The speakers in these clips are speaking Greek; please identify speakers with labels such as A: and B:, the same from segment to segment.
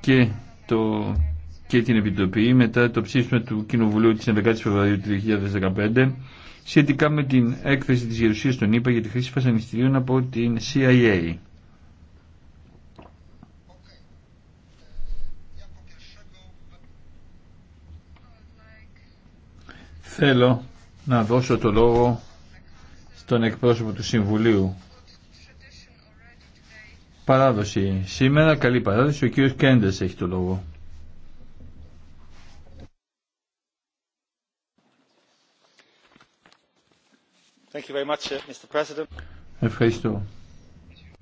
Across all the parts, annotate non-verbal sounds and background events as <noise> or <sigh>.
A: και, το, και την Επιτροπή μετά το ψήφισμα του Κοινοβουλίου της 11 Φεβρουαρίου του 2015 σχετικά με την έκθεση της Γερουσίας των ΗΠΑ για τη χρήση φασανιστήριων από την CIA. Θέλω να δώσω το λόγο στον εκπρόσωπο του Συμβουλίου παράδοση. Σήμερα καλή παράδοση. Ο κύριος Κέντες έχει το λόγο.
B: Thank you very much, uh, Mr. President.
A: Ευχαριστώ.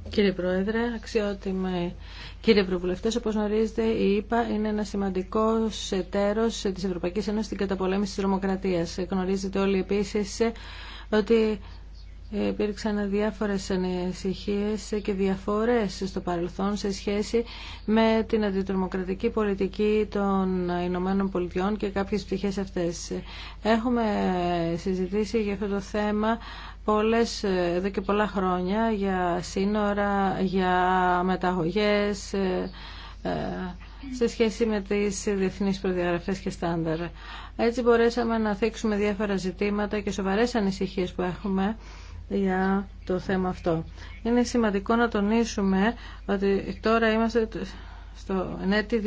C: Κύριε Πρόεδρε, αξιότιμε κύριε Ευρωβουλευτέ, όπω γνωρίζετε, η ΕΠΑ είναι ένα σημαντικό εταίρο τη Ευρωπαϊκή Ένωση στην καταπολέμηση τη τρομοκρατία. Γνωρίζετε όλοι επίση ότι υπήρξαν διάφορες ανησυχίε και διαφορές στο παρελθόν σε σχέση με την αντιτρομοκρατική πολιτική των Ηνωμένων Πολιτειών και κάποιες πτυχές αυτές. Έχουμε συζητήσει για αυτό το θέμα πολλές, εδώ και πολλά χρόνια για σύνορα, για μεταγωγές, ε, ε, σε σχέση με τις διεθνείς προδιαγραφές και στάνταρ. Έτσι μπορέσαμε να θίξουμε διάφορα ζητήματα και σοβαρές ανησυχίες που έχουμε για το θέμα αυτό. Είναι σημαντικό να τονίσουμε ότι τώρα είμαστε στο ΕΝΕΤΗ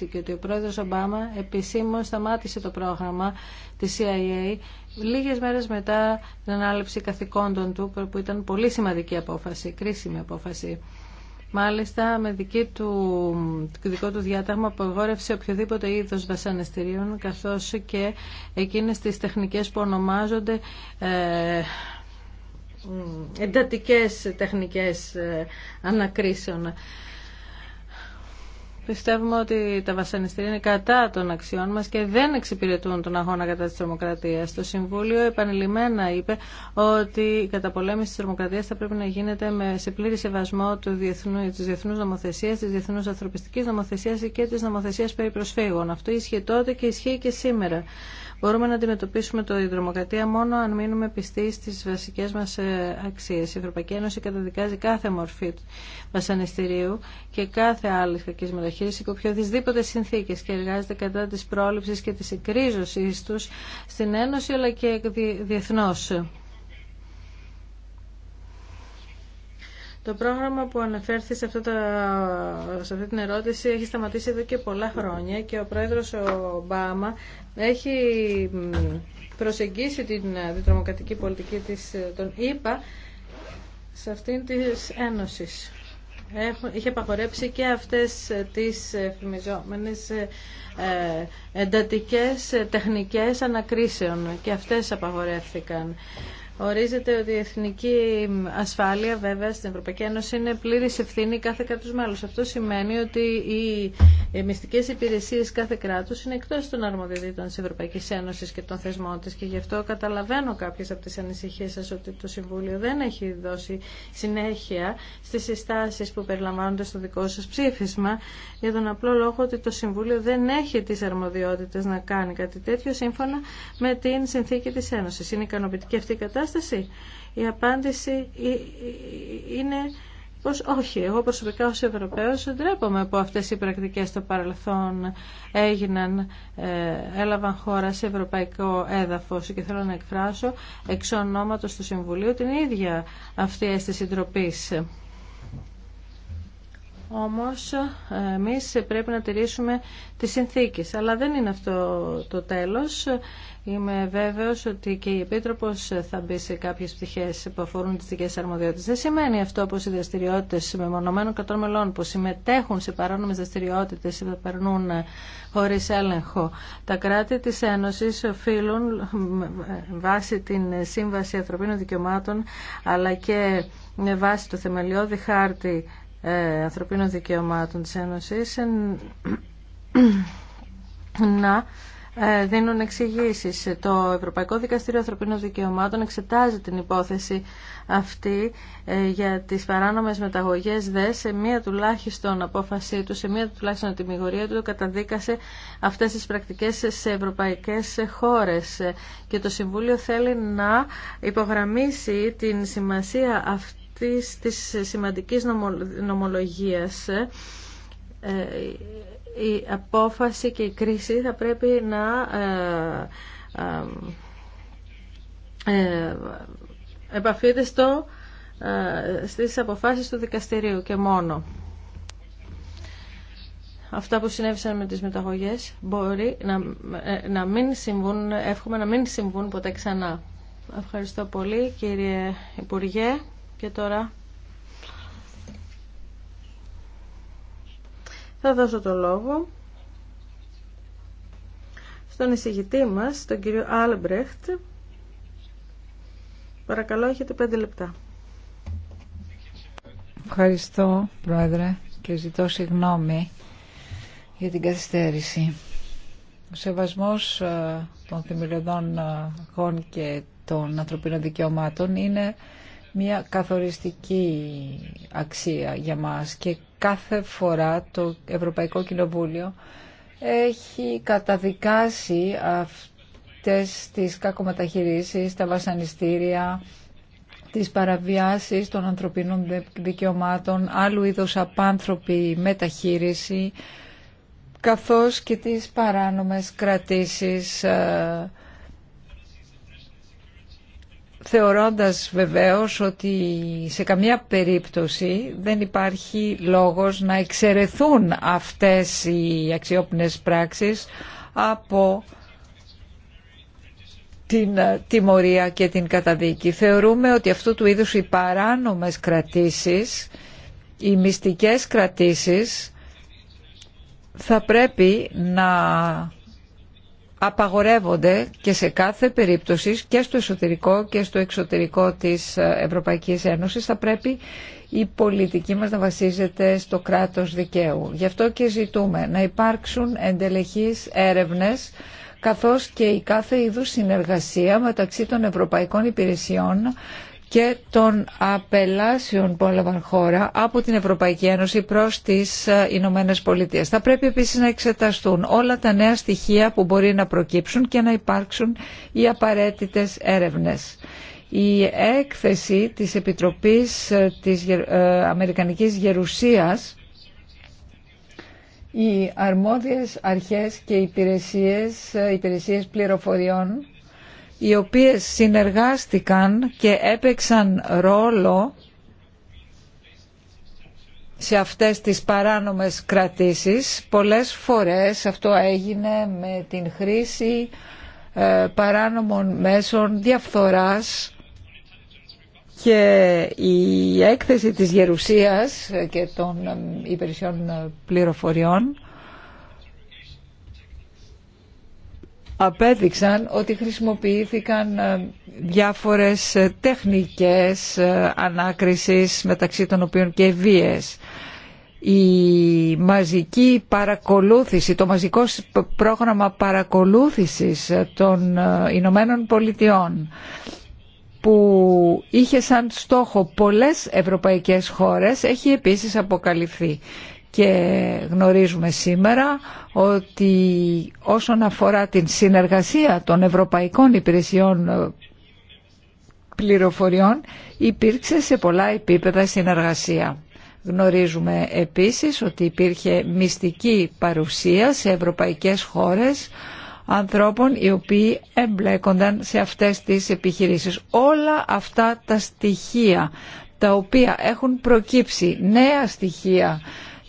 C: 2016 και ότι ο πρόεδρος Ομπάμα επισήμως σταμάτησε το πρόγραμμα της CIA λίγες μέρες μετά την ανάληψη καθηκόντων του που ήταν πολύ σημαντική απόφαση, κρίσιμη απόφαση. Μάλιστα, με δική του, δικό του διάταγμα απογόρευσε οποιοδήποτε είδος βασανιστήριων, καθώς και εκείνες τις τεχνικές που ονομάζονται ε, εντατικές τεχνικές ε, ανακρίσεων. Πιστεύουμε ότι τα βασανιστήρια είναι κατά των αξιών μας και δεν εξυπηρετούν τον αγώνα κατά της τρομοκρατίας. Το Συμβούλιο επανειλημμένα είπε ότι η καταπολέμηση της τρομοκρατίας θα πρέπει να γίνεται με, σε πλήρη σεβασμό του διεθνού, της διεθνούς νομοθεσίας, της διεθνούς ανθρωπιστικής νομοθεσίας και της νομοθεσίας περί προσφύγων. Αυτό ισχύει τότε και ισχύει και σήμερα. Μπορούμε να αντιμετωπίσουμε το ιδρυμοκρατία μόνο αν μείνουμε πιστοί στι βασικέ μα ε, αξίε. Η Ευρωπαϊκή Ένωση καταδικάζει κάθε μορφή βασανιστηρίου και κάθε άλλη κακή μεταχείριση και οποιοδήποτε συνθήκε και εργάζεται κατά της πρόληψη και τη εκρίζωση του στην Ένωση αλλά και διεθνώ. Το πρόγραμμα που αναφέρθη σε, αυτό το, σε αυτή την ερώτηση έχει σταματήσει εδώ και πολλά χρόνια και ο πρόεδρος Ομπάμα έχει προσεγγίσει την αντιτρομοκρατική ε, πολιτική της, ε, τον ΗΠΑ σε αυτήν της Ένωσης. Είχε απαγορέψει και αυτές ε, τις φημιζόμενες εντατικές τεχνικές ανακρίσεων και αυτές απαγορεύθηκαν. Ορίζεται ότι η εθνική ασφάλεια βέβαια στην Ευρωπαϊκή Ένωση είναι πλήρης ευθύνη κάθε κράτους μέλους. Αυτό σημαίνει ότι οι μυστικές υπηρεσίες κάθε κράτους είναι εκτός των αρμοδιοτήτων της Ευρωπαϊκής Ένωσης και των θεσμών της και γι' αυτό καταλαβαίνω κάποιες από τις ανησυχίες σας ότι το Συμβούλιο δεν έχει δώσει συνέχεια στις συστάσεις που περιλαμβάνονται στο δικό σας ψήφισμα για τον απλό λόγο ότι το Συμβούλιο δεν έχει τις αρμοδιότητες να κάνει κάτι τέτοιο σύμφωνα με την συνθήκη της Ένωσης. Είναι ικανοποιητική αυτή η κατάσταση η απάντηση είναι πως όχι. Εγώ προσωπικά ως Ευρωπαίος ντρέπομαι που αυτές οι πρακτικές στο παρελθόν έγιναν, ε, έλαβαν χώρα σε ευρωπαϊκό έδαφος και θέλω να εκφράσω εξ ονόματος του Συμβουλίου την ίδια αυτή αίσθηση ντροπή. Όμως εμείς πρέπει να τηρήσουμε τις συνθήκες. Αλλά δεν είναι αυτό το τέλος. Είμαι βέβαιο ότι και η επίτροπο θα μπει σε κάποιες πτυχές που αφορούν τι δικέ αρμοδιότητες. Δεν σημαίνει αυτό πως οι δραστηριότητε μεμονωμένων κατών μελών που συμμετέχουν σε δραστηριότητε ή που περνούν χωρί έλεγχο. Τα κράτη της Ένωσης οφείλουν βάσει την Σύμβαση Ανθρωπίνων Δικαιωμάτων αλλά και με βάση το θεμελιώδη χάρτη ε, ανθρωπίνων δικαιωμάτων της Ένωσης <clears throat> να ε, δίνουν εξηγήσει. Το Ευρωπαϊκό Δικαστήριο Ανθρωπίνων Δικαιωμάτων εξετάζει την υπόθεση αυτή ε, για τις παράνομες μεταγωγές δε σε μία τουλάχιστον απόφασή του, σε μία τουλάχιστον τιμιγορία του καταδίκασε αυτές τις πρακτικές σε ευρωπαϊκές χώρες και το Συμβούλιο θέλει να υπογραμμίσει την σημασία αυτής της σημαντικής νομολογίας ε, η απόφαση και η κρίση θα πρέπει να ε, ε, ε επαφείται στο, ε, στις αποφάσεις του δικαστηρίου και μόνο. Αυτά που συνέβησαν με τις μεταγωγές μπορεί να, ε, να μην συμβούν, εύχομαι να μην συμβούν ποτέ ξανά. Ευχαριστώ πολύ κύριε Υπουργέ και τώρα Θα δώσω το λόγο στον εισηγητή μας, τον κύριο Άλμπρεχτ. Παρακαλώ, έχετε πέντε λεπτά.
D: Ευχαριστώ, Πρόεδρε, και ζητώ συγγνώμη για την καθυστέρηση. Ο σεβασμός ε, των θεμελιωδών ε, αρχών και των ανθρωπίνων δικαιωμάτων είναι μια καθοριστική αξία για μας και κάθε φορά το Ευρωπαϊκό Κοινοβούλιο έχει καταδικάσει αυτές τις κακομεταχειρήσεις, τα βασανιστήρια, τις παραβιάσεις των ανθρωπίνων δικαιωμάτων, άλλου είδους απάνθρωπη μεταχείριση, καθώς και τις παράνομες κρατήσεις ε, θεωρώντας βεβαίως ότι σε καμία περίπτωση δεν υπάρχει λόγος να εξαιρεθούν αυτές οι αξιόπινες πράξεις από την τιμωρία και την καταδίκη. Θεωρούμε ότι αυτού του είδους οι παράνομες κρατήσεις, οι μυστικές κρατήσεις θα πρέπει να απαγορεύονται και σε κάθε περίπτωση και στο εσωτερικό και στο εξωτερικό της Ευρωπαϊκής Ένωσης θα πρέπει η πολιτική μας να βασίζεται στο κράτος δικαίου. Γι' αυτό και ζητούμε να υπάρξουν εντελεχείς έρευνες καθώς και η κάθε είδους συνεργασία μεταξύ των ευρωπαϊκών υπηρεσιών και των απελάσεων που έλαβαν χώρα από την Ευρωπαϊκή Ένωση προς τις ε, Ηνωμένε Πολιτείε. Θα πρέπει επίσης να εξεταστούν όλα τα νέα στοιχεία που μπορεί να προκύψουν και να υπάρξουν οι απαραίτητες έρευνες. Η έκθεση της Επιτροπής ε, της ε, Αμερικανικής Γερουσίας οι αρμόδιες αρχές και υπηρεσίες, υπηρεσίες πληροφοριών οι οποίες συνεργάστηκαν και έπαιξαν ρόλο σε αυτές τις παράνομες κρατήσεις. Πολλές φορές αυτό έγινε με την χρήση ε, παράνομων μέσων διαφθοράς και η έκθεση της Γερουσίας και των υπηρεσιών πληροφοριών απέδειξαν ότι χρησιμοποιήθηκαν ε, διάφορες ε, τεχνικές ε, ανάκρισης μεταξύ των οποίων και βίες. Η μαζική παρακολούθηση, το μαζικό πρόγραμμα παρακολούθησης των Ηνωμένων Πολιτειών που είχε σαν στόχο πολλές ευρωπαϊκές χώρες έχει επίσης αποκαλυφθεί και γνωρίζουμε σήμερα ότι όσον αφορά την συνεργασία των ευρωπαϊκών υπηρεσιών ε, πληροφοριών υπήρξε σε πολλά επίπεδα συνεργασία. Γνωρίζουμε επίσης ότι υπήρχε μυστική παρουσία σε ευρωπαϊκές χώρες ανθρώπων οι οποίοι εμπλέκονταν σε αυτές τις επιχειρήσεις. Όλα αυτά τα στοιχεία τα οποία έχουν προκύψει νέα στοιχεία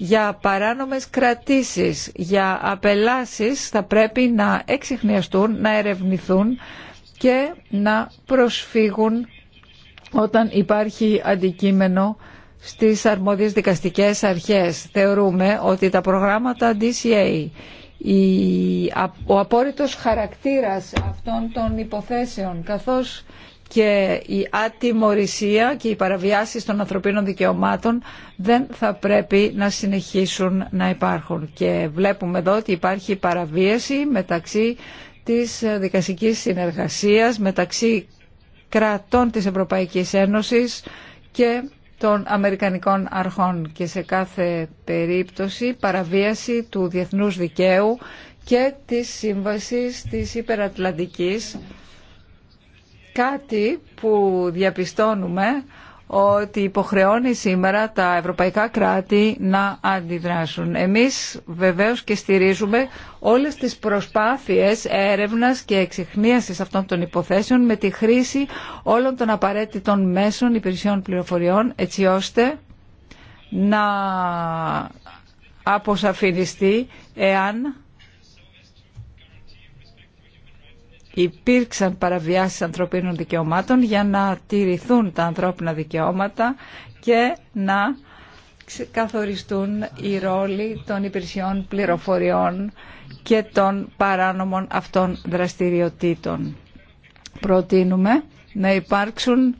D: για παράνομες κρατήσεις, για απελάσεις θα πρέπει να εξηχνιαστούν, να ερευνηθούν και να προσφύγουν όταν υπάρχει αντικείμενο στις αρμόδιες δικαστικές αρχές. Θεωρούμε ότι τα προγράμματα DCA, ο απόρριτος χαρακτήρας αυτών των υποθέσεων καθώς και η ατιμορρησία και οι παραβιάσεις των ανθρωπίνων δικαιωμάτων δεν θα πρέπει να συνεχίσουν να υπάρχουν. Και βλέπουμε εδώ ότι υπάρχει παραβίαση μεταξύ της δικασικής συνεργασίας, μεταξύ κρατών της Ευρωπαϊκής Ένωσης και των Αμερικανικών αρχών και σε κάθε περίπτωση παραβίαση του διεθνούς δικαίου και της σύμβασης της υπερατλαντικής κάτι που διαπιστώνουμε ότι υποχρεώνει σήμερα τα ευρωπαϊκά κράτη να αντιδράσουν. Εμείς βεβαίως και στηρίζουμε όλες τις προσπάθειες έρευνας και εξυχνίασης αυτών των υποθέσεων με τη χρήση όλων των απαραίτητων μέσων υπηρεσιών πληροφοριών έτσι ώστε να αποσαφινιστεί εάν υπήρξαν παραβιάσεις ανθρωπίνων δικαιωμάτων για να τηρηθούν τα ανθρώπινα δικαιώματα και να καθοριστούν οι ρόλοι των υπηρεσιών πληροφοριών και των παράνομων αυτών δραστηριοτήτων. Προτείνουμε να υπάρξουν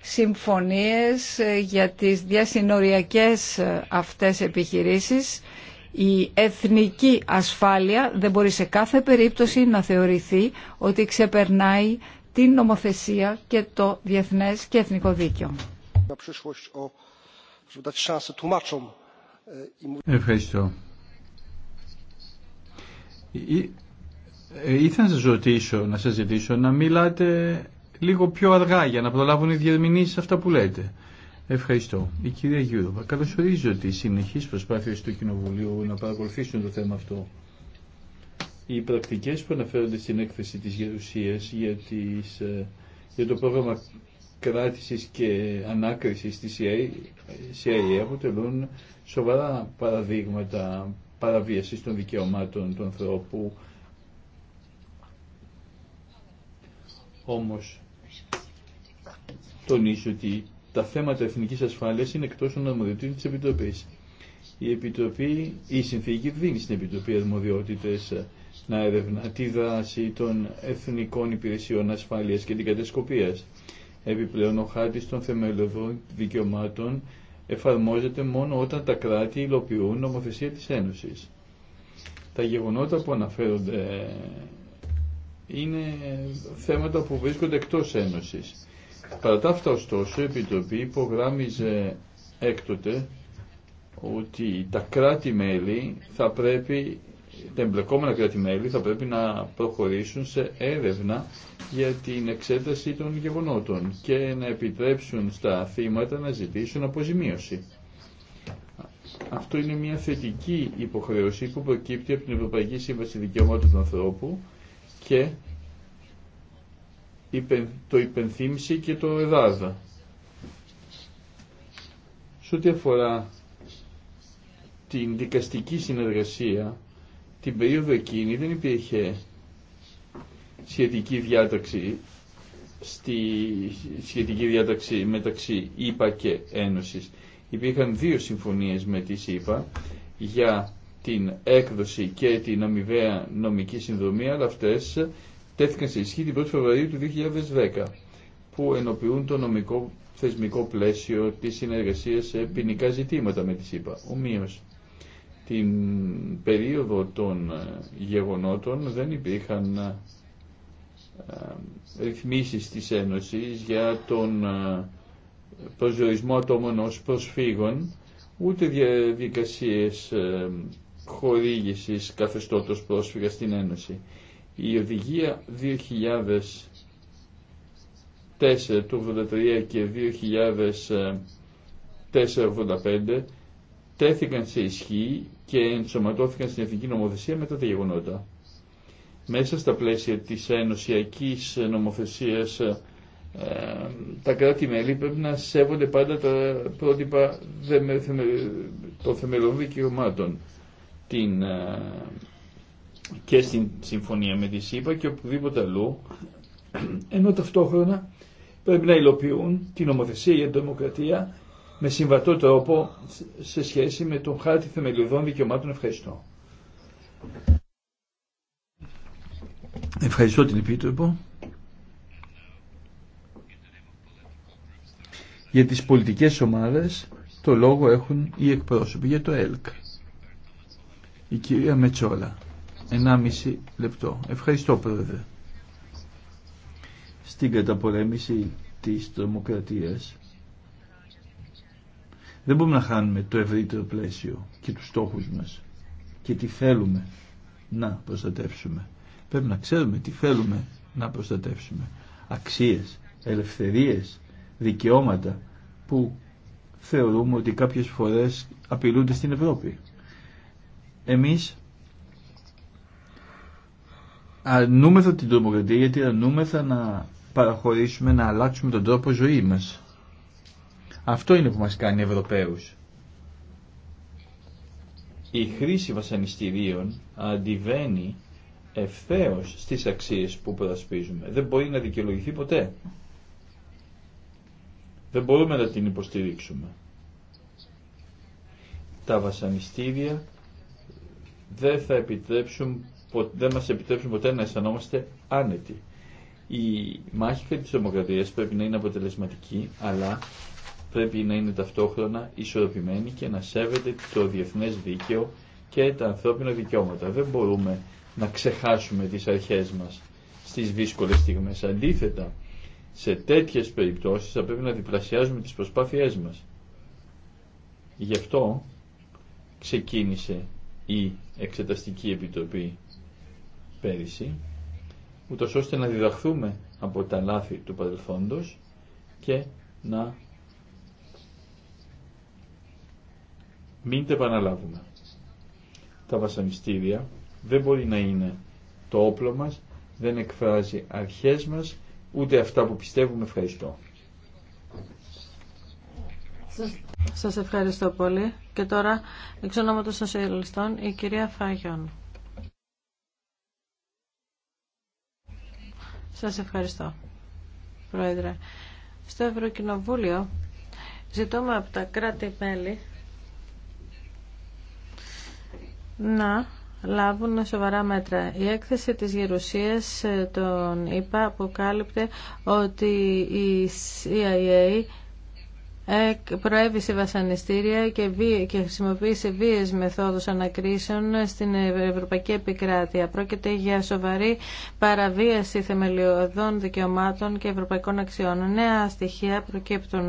D: συμφωνίες ε, για τις διασυνοριακές ε, αυτές επιχειρήσεις η εθνική ασφάλεια δεν μπορεί σε κάθε περίπτωση να θεωρηθεί ότι ξεπερνάει την νομοθεσία και το διεθνές και εθνικό δίκαιο.
E: Ευχαριστώ.
A: Ε, ήθελα να σας ζητήσω να μιλάτε λίγο πιο αργά για να προλάβουν οι διερμηνείς αυτά που λέτε. Ευχαριστώ. Η κυρία Γιούροβα, καλωσορίζω τι συνεχεί προσπάθειε του Κοινοβουλίου να παρακολουθήσουν το θέμα αυτό. Οι πρακτικέ που αναφέρονται στην έκθεση τη Γερουσία για, ε, για το πρόγραμμα κράτηση και ανάκριση τη CIA αποτελούν σοβαρά παραδείγματα παραβίαση των δικαιωμάτων του ανθρώπου. Όμως τονίζω ότι τα θέματα εθνικής ασφάλειας είναι εκτός των αρμοδιοτήτων της Επιτροπής. Η, Επιτροπή, η συνθήκη δίνει στην Επιτροπή αρμοδιότητες να ερευνά τη δράση των εθνικών υπηρεσιών ασφάλειας και την κατασκοπίας. Επιπλέον, ο χάρτης των θεμελιωδών δικαιωμάτων εφαρμόζεται μόνο όταν τα κράτη υλοποιούν νομοθεσία της Ένωσης. Τα γεγονότα που αναφέρονται είναι θέματα που βρίσκονται εκτός Ένωσης. Παρά τα αυτά ωστόσο η Επιτροπή υπογράμμιζε έκτοτε ότι τα κράτη-μέλη θα πρέπει, τα εμπλεκόμενα κράτη-μέλη θα πρέπει να προχωρήσουν σε έρευνα για την εξέταση των γεγονότων και να επιτρέψουν στα θύματα να ζητήσουν αποζημίωση. Αυτό είναι μια θετική υποχρέωση που προκύπτει από την Ευρωπαϊκή Σύμβαση Δικαιωμάτων του Ανθρώπου και το υπενθύμησε και το ΕΔΑΔΑ. Σε ό,τι αφορά την δικαστική συνεργασία, την περίοδο εκείνη δεν υπήρχε σχετική διάταξη στη σχετική διάταξη μεταξύ ΙΠΑ και Ένωσης. Υπήρχαν δύο συμφωνίες με τις ΗΠΑ για την έκδοση και την αμοιβαία νομική συνδρομή, αλλά αυτές τέθηκαν σε ισχύ την 1η Φεβρουαρίου του 2010 που ενοποιούν το νομικό θεσμικό πλαίσιο τη συνεργασία σε ποινικά ζητήματα με τη ΣΥΠΑ. Ομοίω την περίοδο των ε, γεγονότων δεν υπήρχαν ε, ε, ρυθμίσεις της Ένωσης για τον προσδιορισμό ατόμων ως προσφύγων, ούτε διαδικασίες χορήγησης καθεστώτος πρόσφυγα στην Ένωση. Η οδηγία 2004 του 83 και 2004-85 τέθηκαν σε ισχύ και ενσωματώθηκαν στην εθνική νομοθεσία μετά τα γεγονότα. Μέσα στα πλαίσια της ενωσιακής νομοθεσίας ε, τα κράτη-μέλη πρέπει να σέβονται πάντα τα πρότυπα των θεμελών Την ε, και στην συμφωνία με τη ΣΥΠΑ και οπουδήποτε αλλού, ενώ ταυτόχρονα πρέπει να υλοποιούν την Ομοθεσία για την δημοκρατία με συμβατό τρόπο σε σχέση με τον χάρτη θεμελιωδών δικαιωμάτων. Ευχαριστώ. Ευχαριστώ την Επίτροπο. Για τις πολιτικές ομάδες το λόγο έχουν οι εκπρόσωποι για το ΕΛΚ. Η κυρία Μετσόλα. 1,5 λεπτό. Ευχαριστώ πρόεδρε. Στην καταπολέμηση της τρομοκρατίας δεν μπορούμε να χάνουμε το ευρύτερο πλαίσιο και τους στόχους μας και τι θέλουμε να προστατεύσουμε. Πρέπει να ξέρουμε τι θέλουμε να προστατεύσουμε. Αξίες, ελευθερίες, δικαιώματα που θεωρούμε ότι κάποιες φορές απειλούνται στην Ευρώπη. Εμείς αρνούμεθα την τρομοκρατία γιατί αρνούμεθα να παραχωρήσουμε, να αλλάξουμε τον τρόπο ζωή μας. Αυτό είναι που μας κάνει Ευρωπαίους. Η χρήση βασανιστήριων αντιβαίνει ευθέως στις αξίες που περασπίζουμε. Δεν μπορεί να δικαιολογηθεί ποτέ. Δεν μπορούμε να την υποστηρίξουμε. Τα βασανιστήρια δεν θα επιτρέψουν δεν μας επιτρέψουν ποτέ να αισθανόμαστε άνετοι. Η μάχη κατά της δημοκρατίας πρέπει να είναι αποτελεσματική, αλλά πρέπει να είναι ταυτόχρονα ισορροπημένη και να σέβεται το διεθνές δίκαιο και τα ανθρώπινα δικαιώματα. Δεν μπορούμε να ξεχάσουμε τις αρχές μας στις δύσκολες στιγμές. Αντίθετα, σε τέτοιες περιπτώσεις θα πρέπει να διπλασιάζουμε τις προσπάθειές μας. Γι' αυτό ξεκίνησε η Εξεταστική Επιτροπή πέρυσι, ούτω ώστε να διδαχθούμε από τα λάθη του παρελθόντος και να μην τα επαναλάβουμε. Τα βασανιστήρια δεν μπορεί να είναι το όπλο μας, δεν εκφράζει αρχές μας, ούτε αυτά που πιστεύουμε. Ευχαριστώ.
C: Σας ευχαριστώ πολύ. Και τώρα, εξ ονόματος των Σοσιαλιστών, η κυρία Φάγιον. Σας ευχαριστώ, Πρόεδρε. Στο Ευρωκοινοβούλιο ζητούμε από τα κράτη-μέλη να λάβουν σοβαρά μέτρα. Η έκθεση της Γερουσίας ε, των είπα, αποκάλυπτε ότι η CIA ε, προέβησε βασανιστήρια και, και χρησιμοποίησε βίες μεθόδους ανακρίσεων στην Ευρωπαϊκή Επικράτεια. Πρόκειται για σοβαρή παραβίαση θεμελιωδών δικαιωμάτων και ευρωπαϊκών αξιών. Νέα στοιχεία προκύπτουν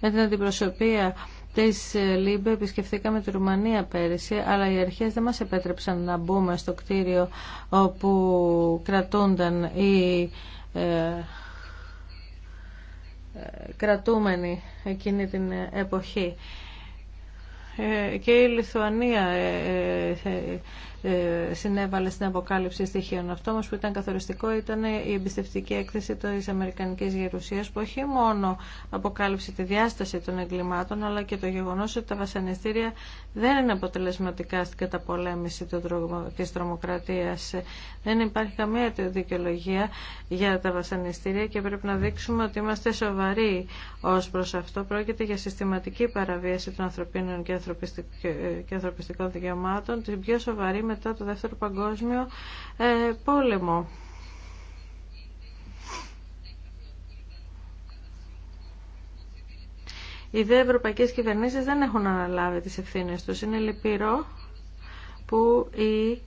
C: με την αντιπροσωπεία της ΛΥΜΠΕ επισκεφθήκαμε τη Ρουμανία πέρυσι, αλλά οι αρχές δεν μας επέτρεψαν να μπούμε στο κτίριο όπου κρατούνταν οι ε, κρατούμενη εκείνη την εποχή. Ε, και η Λιθουανία ε, ε, ε, συνέβαλε στην αποκάλυψη στοιχείων. Αυτό όμω, που ήταν καθοριστικό ήταν η εμπιστευτική έκθεση τη Αμερικανική Γερουσία, που όχι μόνο αποκάλυψε τη διάσταση των εγκλημάτων αλλά και το γεγονό ότι τα βασανιστήρια δεν είναι αποτελεσματικά στην καταπολέμηση τη τρομοκρατίας. Δεν υπάρχει καμία δικαιολογία για τα βασανιστήρια και πρέπει να δείξουμε ότι είμαστε σοβαροί ω προ αυτό. Πρόκειται για συστηματική παραβίαση των ανθρωπίνων και ανθρωπιστικών δικαιωμάτων, την πιο σοβαρή μετά το Δεύτερο Παγκόσμιο ε, Πόλεμο. Οι δε ευρωπαϊκές κυβερνήσεις δεν έχουν αναλάβει τις ευθύνες τους. Είναι λυπηρό που οι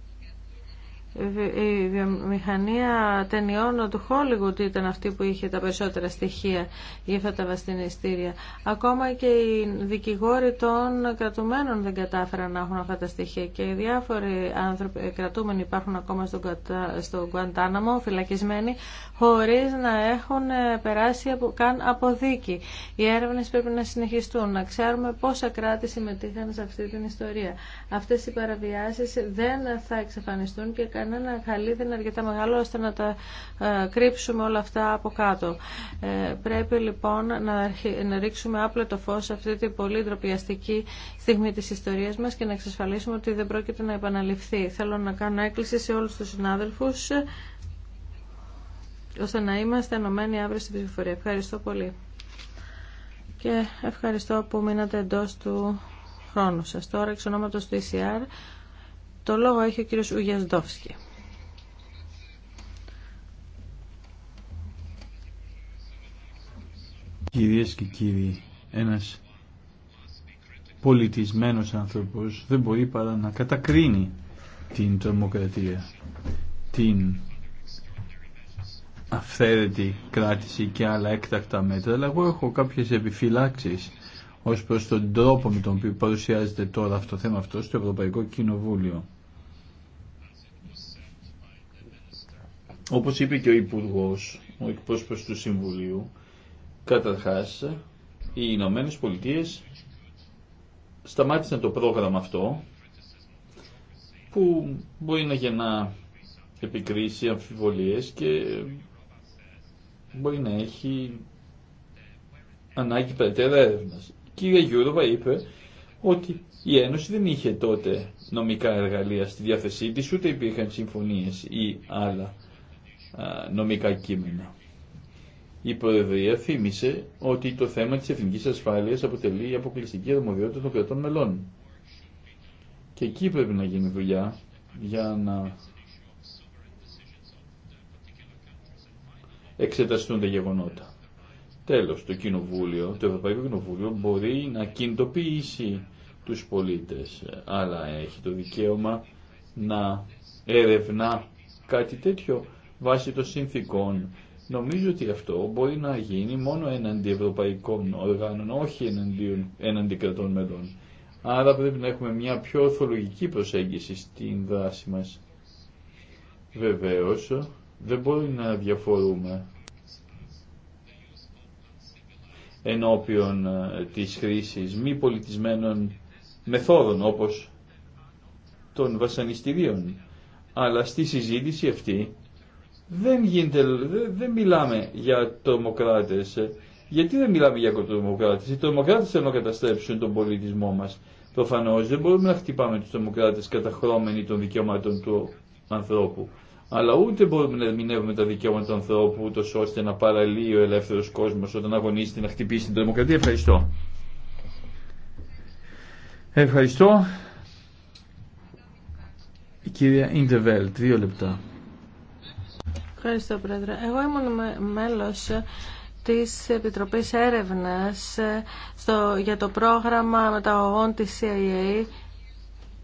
C: η βιομηχανία ταινιών του Χόλιγου ήταν αυτή που είχε τα περισσότερα στοιχεία για αυτά τα βαστινιστήρια. Ακόμα και οι δικηγόροι των κρατουμένων δεν κατάφεραν να έχουν αυτά τα στοιχεία και οι διάφοροι άνθρωποι, ε, κρατούμενοι υπάρχουν ακόμα στον στο Γκουαντάναμο, φυλακισμένοι, χωρίς να έχουν ε, περάσει από, καν από δίκη. Οι έρευνε πρέπει να συνεχιστούν, να ξέρουμε πόσα κράτη συμμετείχαν σε αυτή την ιστορία. Αυτές οι παραβιάσεις δεν θα εξαφανιστούν και κανένα ένα δεν είναι αρκετά μεγάλο ώστε να τα ε, κρύψουμε όλα αυτά από κάτω. Ε, πρέπει λοιπόν να ρίξουμε άπλο το φως σε αυτή την πολύ ντροπιαστική στιγμή της ιστορίας μας και να εξασφαλίσουμε ότι δεν πρόκειται να επαναληφθεί. Θέλω να κάνω έκκληση σε όλους τους συνάδελφους ώστε να είμαστε ενωμένοι αύριο στην ψηφοφορία. Ευχαριστώ πολύ. Και ευχαριστώ που μείνατε εντός του χρόνου σας. Τώρα εξ ονόματος του ECR το λόγο έχει ο κύριος Ουγιασδόφσκι.
A: Κυρίες και κύριοι, ένας πολιτισμένος άνθρωπος δεν μπορεί παρά να κατακρίνει την τρομοκρατία, την αυθαίρετη κράτηση και άλλα έκτακτα μέτρα, αλλά εγώ έχω κάποιες επιφυλάξεις ως προς τον τρόπο με τον οποίο παρουσιάζεται τώρα αυτό το θέμα αυτό στο Ευρωπαϊκό Κοινοβούλιο. Όπως είπε και ο Υπουργός, ο εκπρόσωπος του Συμβουλίου, καταρχάς οι Ηνωμένε Πολιτείε σταμάτησαν το πρόγραμμα αυτό που μπορεί να γεννά επικρίσει, αμφιβολίες και μπορεί να έχει ανάγκη περαιτέρω έρευνα. Η κυρία Γιούροβα είπε ότι η Ένωση δεν είχε τότε νομικά εργαλεία στη διάθεσή της, ούτε υπήρχαν συμφωνίες ή άλλα νομικά κείμενα. Η Προεδρία θύμισε ότι το θέμα της εθνικής ασφάλειας αποτελεί η αποκλειστική αρμοδιότητα των κρατών μελών. Και εκεί πρέπει να γίνει δουλειά για να εξεταστούν τα γεγονότα. Τέλος, το Κοινοβούλιο, το Ευρωπαϊκό Κοινοβούλιο μπορεί να κινητοποιήσει τους πολίτες, αλλά έχει το δικαίωμα να ερευνά κάτι τέτοιο βάσει των συνθήκων. Νομίζω ότι αυτό μπορεί να γίνει μόνο εναντί ευρωπαϊκών οργάνων, όχι εναντί, εναντί κρατών μελών. Άρα πρέπει να έχουμε μια πιο ορθολογική προσέγγιση στην δράση μας. Βεβαίως, δεν μπορεί να διαφορούμε ενώπιον ε, της χρήσης μη πολιτισμένων μεθόδων όπως των βασανιστήριων. Αλλά στη συζήτηση αυτή δεν, γίνεται, δεν μιλάμε για τρομοκράτες. Ε, γιατί δεν μιλάμε για τρομοκράτες. Οι τρομοκράτες θέλουν να καταστρέψουν τον πολιτισμό μας. Προφανώ δεν μπορούμε να χτυπάμε τους τρομοκράτες καταχρώμενοι των δικαιωμάτων του ανθρώπου. Αλλά ούτε μπορούμε να ερμηνεύουμε τα δικαιώματα του ανθρώπου, ούτω ώστε να παραλύει ο ελεύθερο κόσμο όταν αγωνίζεται να χτυπήσει την τρομοκρατία. Ευχαριστώ. Ευχαριστώ. Η κυρία Ιντεβέλ, δύο λεπτά.
C: Ευχαριστώ, Πρόεδρε. Εγώ ήμουν μέλος της Επιτροπής Έρευνας ε, για το πρόγραμμα μεταγωγών της CIA.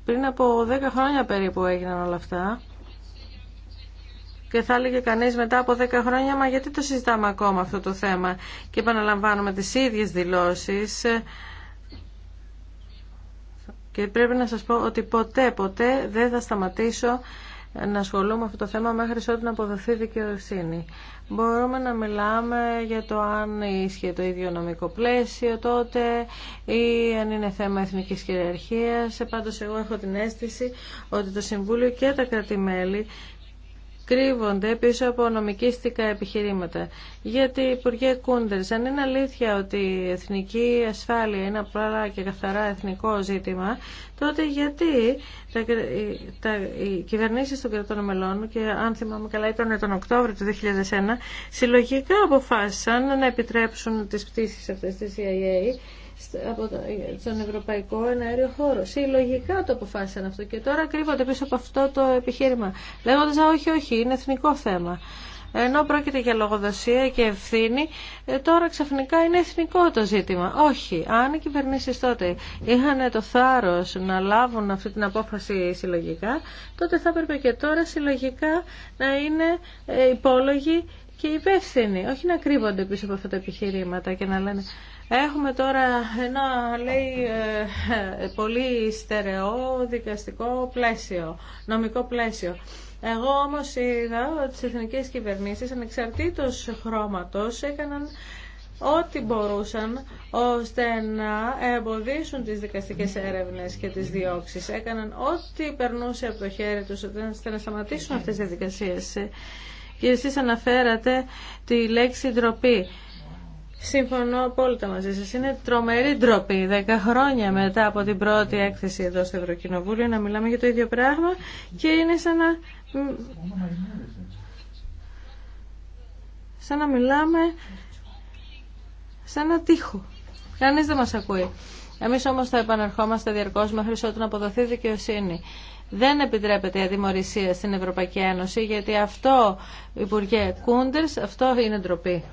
C: Πριν από 10 χρόνια περίπου έγιναν όλα αυτά. Και θα έλεγε κανεί μετά από 10 χρόνια, μα γιατί το συζητάμε ακόμα αυτό το θέμα και επαναλαμβάνουμε τις ίδιες δηλώσεις. Και πρέπει να σας πω ότι ποτέ, ποτέ δεν θα σταματήσω να ασχολούμαι αυτό το θέμα μέχρι ό,τι να αποδοθεί δικαιοσύνη. Μπορούμε να μιλάμε για το αν ίσχυε το ίδιο νομικό πλαίσιο τότε ή αν είναι θέμα εθνικής κυριαρχίας. Ε, πάντως εγώ έχω την αίσθηση ότι το Συμβούλιο και τα κρατημέλη κρύβονται πίσω από νομικίστικα επιχειρήματα. Γιατί, Υπουργέ Κούντερς, αν είναι αλήθεια ότι η εθνική ασφάλεια είναι απλά και καθαρά εθνικό ζήτημα, τότε γιατί τα, τα, οι κυβερνήσεις των κρατών μελών, και αν θυμάμαι καλά ήταν τον Οκτώβριο του 2001, συλλογικά αποφάσισαν να επιτρέψουν τις πτήσεις αυτές της CIA από τον Ευρωπαϊκό Εναέριο Χώρο. Συλλογικά το αποφάσισαν αυτό και τώρα κρύβονται πίσω από αυτό το επιχείρημα. Λέγοντας, όχι, όχι, είναι εθνικό θέμα. Ενώ πρόκειται για λογοδοσία και ευθύνη, ε, τώρα ξαφνικά είναι εθνικό το ζήτημα. Όχι, αν οι κυβερνήσει τότε είχαν το θάρρο να λάβουν αυτή την απόφαση συλλογικά, τότε θα έπρεπε και τώρα συλλογικά να είναι ε, υπόλογοι και υπεύθυνοι. Όχι να κρύβονται πίσω από αυτά τα επιχειρήματα και να λένε Έχουμε τώρα ένα, λέει, ε, πολύ στερεό δικαστικό πλαίσιο, νομικό πλαίσιο. Εγώ όμως είδα ότι τις εθνικές κυβερνήσεις, ανεξαρτήτως χρώματος, έκαναν ό,τι μπορούσαν ώστε να εμποδίσουν τις δικαστικές έρευνες και τις διώξεις. Έκαναν ό,τι περνούσε από το χέρι τους ώστε να σταματήσουν αυτές τις διαδικασίες. Και εσείς αναφέρατε τη λέξη ντροπή. Συμφωνώ απόλυτα μαζί σα. Είναι τρομερή ντροπή δέκα χρόνια μετά από την πρώτη έκθεση εδώ στο Ευρωκοινοβούλιο να μιλάμε για το ίδιο πράγμα και είναι σαν να... Σαν να μιλάμε σαν ένα τείχο. Κανεί δεν μας ακούει. Εμείς όμως θα επαναρχόμαστε διαρκώ μέχρι ότου να αποδοθεί δικαιοσύνη. Δεν επιτρέπεται η αδημορρησία στην Ευρωπαϊκή Ένωση γιατί αυτό, Υπουργέ Κούντερ,
D: αυτό είναι ντροπή.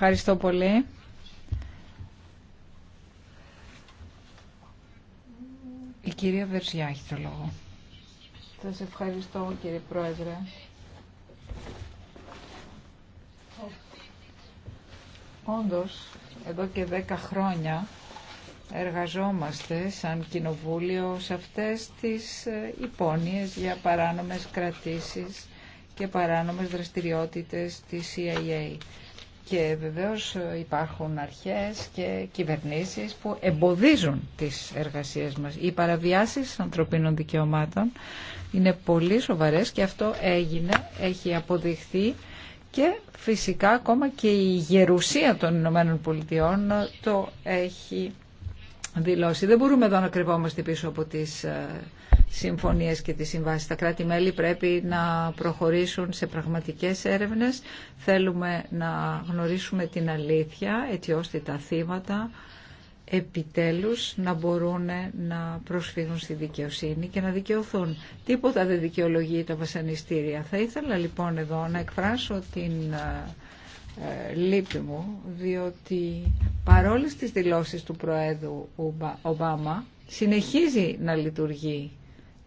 D: Ευχαριστώ πολύ. Η κυρία Βερσιά έχει το λόγο. Σας ευχαριστώ κύριε Πρόεδρε. Όντως, εδώ και δέκα χρόνια εργαζόμαστε σαν κοινοβούλιο σε αυτές τις ε, υπόνοιες για παράνομες κρατήσεις και παράνομες δραστηριότητες της CIA. Και βεβαίως υπάρχουν αρχές και κυβερνήσεις που εμποδίζουν τις εργασίες μας. Οι παραβιάσεις ανθρωπίνων δικαιωμάτων είναι πολύ σοβαρές και αυτό έγινε, έχει αποδειχθεί και φυσικά ακόμα και η γερουσία των Ηνωμένων Πολιτειών το έχει δηλώσει. Δεν μπορούμε εδώ να κρυβόμαστε πίσω από τις ε, συμφωνίες και τις συμβάσεις. Τα κράτη-μέλη πρέπει να προχωρήσουν σε πραγματικές έρευνες. Θέλουμε να γνωρίσουμε την αλήθεια έτσι ώστε τα θύματα επιτέλους να μπορούν να προσφύγουν στη δικαιοσύνη και να δικαιωθούν. Τίποτα δεν δικαιολογεί τα βασανιστήρια. Θα ήθελα λοιπόν εδώ να εκφράσω την ε, ε, λύπη μου, διότι παρόλες τις δηλώσεις του Προέδρου Ομπάμα, συνεχίζει να λειτουργεί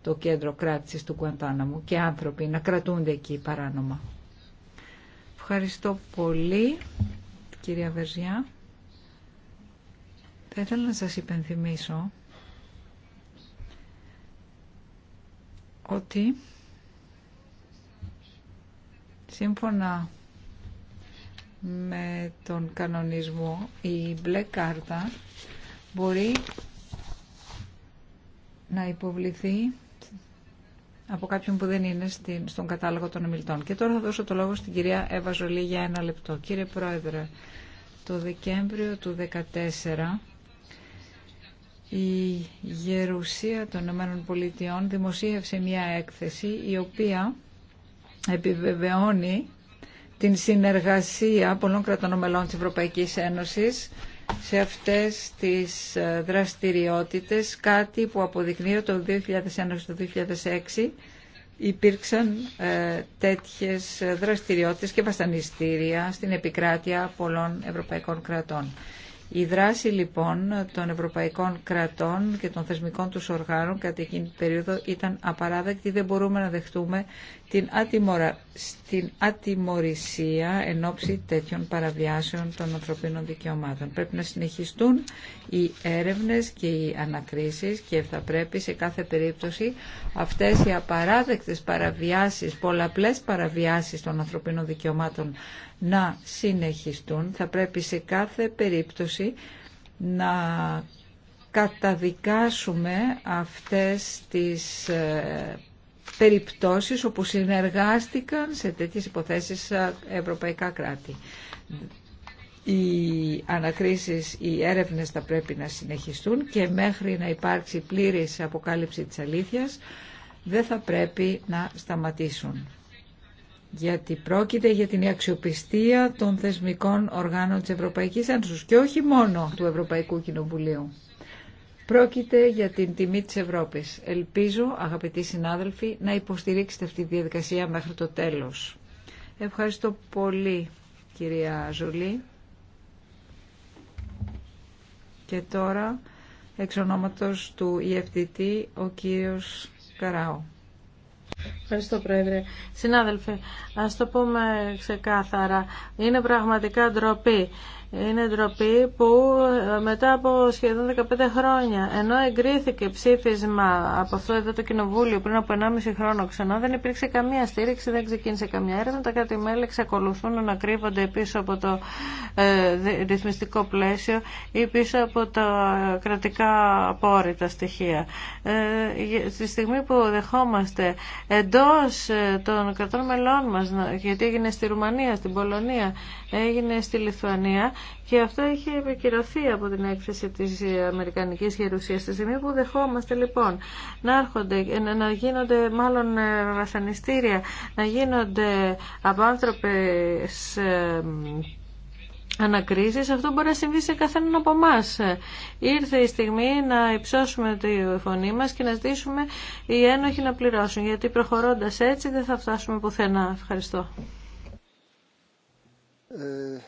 D: το κέντρο κράτησης του Κουαντάναμου και άνθρωποι να κρατούνται εκεί παράνομα. Ευχαριστώ πολύ, κυρία Βερζιά. Θα ήθελα να σας υπενθυμίσω ότι σύμφωνα με τον κανονισμό η μπλε κάρτα μπορεί να υποβληθεί από κάποιον που δεν είναι στον κατάλογο των ομιλητών. Και τώρα θα δώσω το λόγο στην κυρία Εύα Ζολή για ένα λεπτό. Κύριε Πρόεδρε, το Δεκέμβριο του 2014 η Γερουσία των Ηνωμένων Πολιτειών δημοσίευσε μια έκθεση η οποία επιβεβαιώνει την συνεργασία πολλών κρατών ομελών της Ευρωπαϊκής Ένωσης σε αυτές τις ε, δραστηριότητες κάτι που αποδεικνύει ότι το 2001 2006 υπήρξαν ε, τέτοιες δραστηριότητες και βασανιστήρια στην επικράτεια πολλών ευρωπαϊκών κρατών. Η δράση λοιπόν των ευρωπαϊκών κρατών και των θεσμικών τους οργάνων κατά εκείνη την περίοδο ήταν απαράδεκτη. Δεν μπορούμε να δεχτούμε την, ατιμορα... στην ατιμορρησία εν ώψη τέτοιων παραβιάσεων των ανθρωπίνων δικαιωμάτων. Πρέπει να συνεχιστούν οι έρευνες και οι ανακρίσεις και θα πρέπει σε κάθε περίπτωση αυτές οι απαράδεκτες παραβιάσεις, πολλαπλές παραβιάσεις των ανθρωπίνων δικαιωμάτων να συνεχιστούν. Θα πρέπει σε κάθε περίπτωση να καταδικάσουμε αυτές τις ε, περιπτώσεις όπου συνεργάστηκαν σε τέτοιες υποθέσεις ε, ευρωπαϊκά κράτη. Οι ανακρίσεις, οι έρευνες θα πρέπει να συνεχιστούν και μέχρι να υπάρξει πλήρης αποκάλυψη της αλήθειας δεν θα πρέπει να σταματήσουν γιατί πρόκειται για την αξιοπιστία των θεσμικών οργάνων της Ευρωπαϊκής Ένωσης και όχι μόνο του Ευρωπαϊκού Κοινοβουλίου. Πρόκειται για την τιμή της Ευρώπης. Ελπίζω, αγαπητοί συνάδελφοι, να υποστηρίξετε αυτή τη διαδικασία μέχρι το τέλος. Ευχαριστώ πολύ, κυρία Ζολή. Και τώρα, εξ του EFTT, ο κύριος Καράου.
C: Ευχαριστώ, Πρόεδρε.
D: Συνάδελφοι,
C: ας το πούμε ξεκάθαρα. Είναι πραγματικά ντροπή. Είναι ντροπή που ε, μετά από σχεδόν 15 χρόνια, ενώ εγκρίθηκε ψήφισμα από αυτό εδώ το κοινοβούλιο πριν από 1,5 χρόνο ξανά, δεν υπήρξε καμία στήριξη, δεν ξεκίνησε καμία έρευνα. Τα κράτη-μέλη εξακολουθούν να κρύβονται πίσω από το ε, ρυθμιστικό πλαίσιο ή πίσω από τα κρατικά απόρριτα στοιχεία. Ε, στη στιγμή που δεχόμαστε εντό ε, των κρατών μελών μα, γιατί έγινε στη Ρουμανία, στην Πολωνία, έγινε στη Λιθουανία, και αυτό έχει επικυρωθεί από την έκθεση της Αμερικανικής γερουσία Στη στιγμή που δεχόμαστε λοιπόν να, έρχονται, να γίνονται μάλλον ε, βασανιστήρια, να γίνονται από άνθρωπες ε, ανακρίσεις, αυτό μπορεί να συμβεί σε καθέναν από εμά. Ήρθε η στιγμή να υψώσουμε τη φωνή μας και να ζητήσουμε οι ένοχοι να πληρώσουν, γιατί προχωρώντας έτσι δεν θα φτάσουμε πουθενά. Ευχαριστώ. Ε,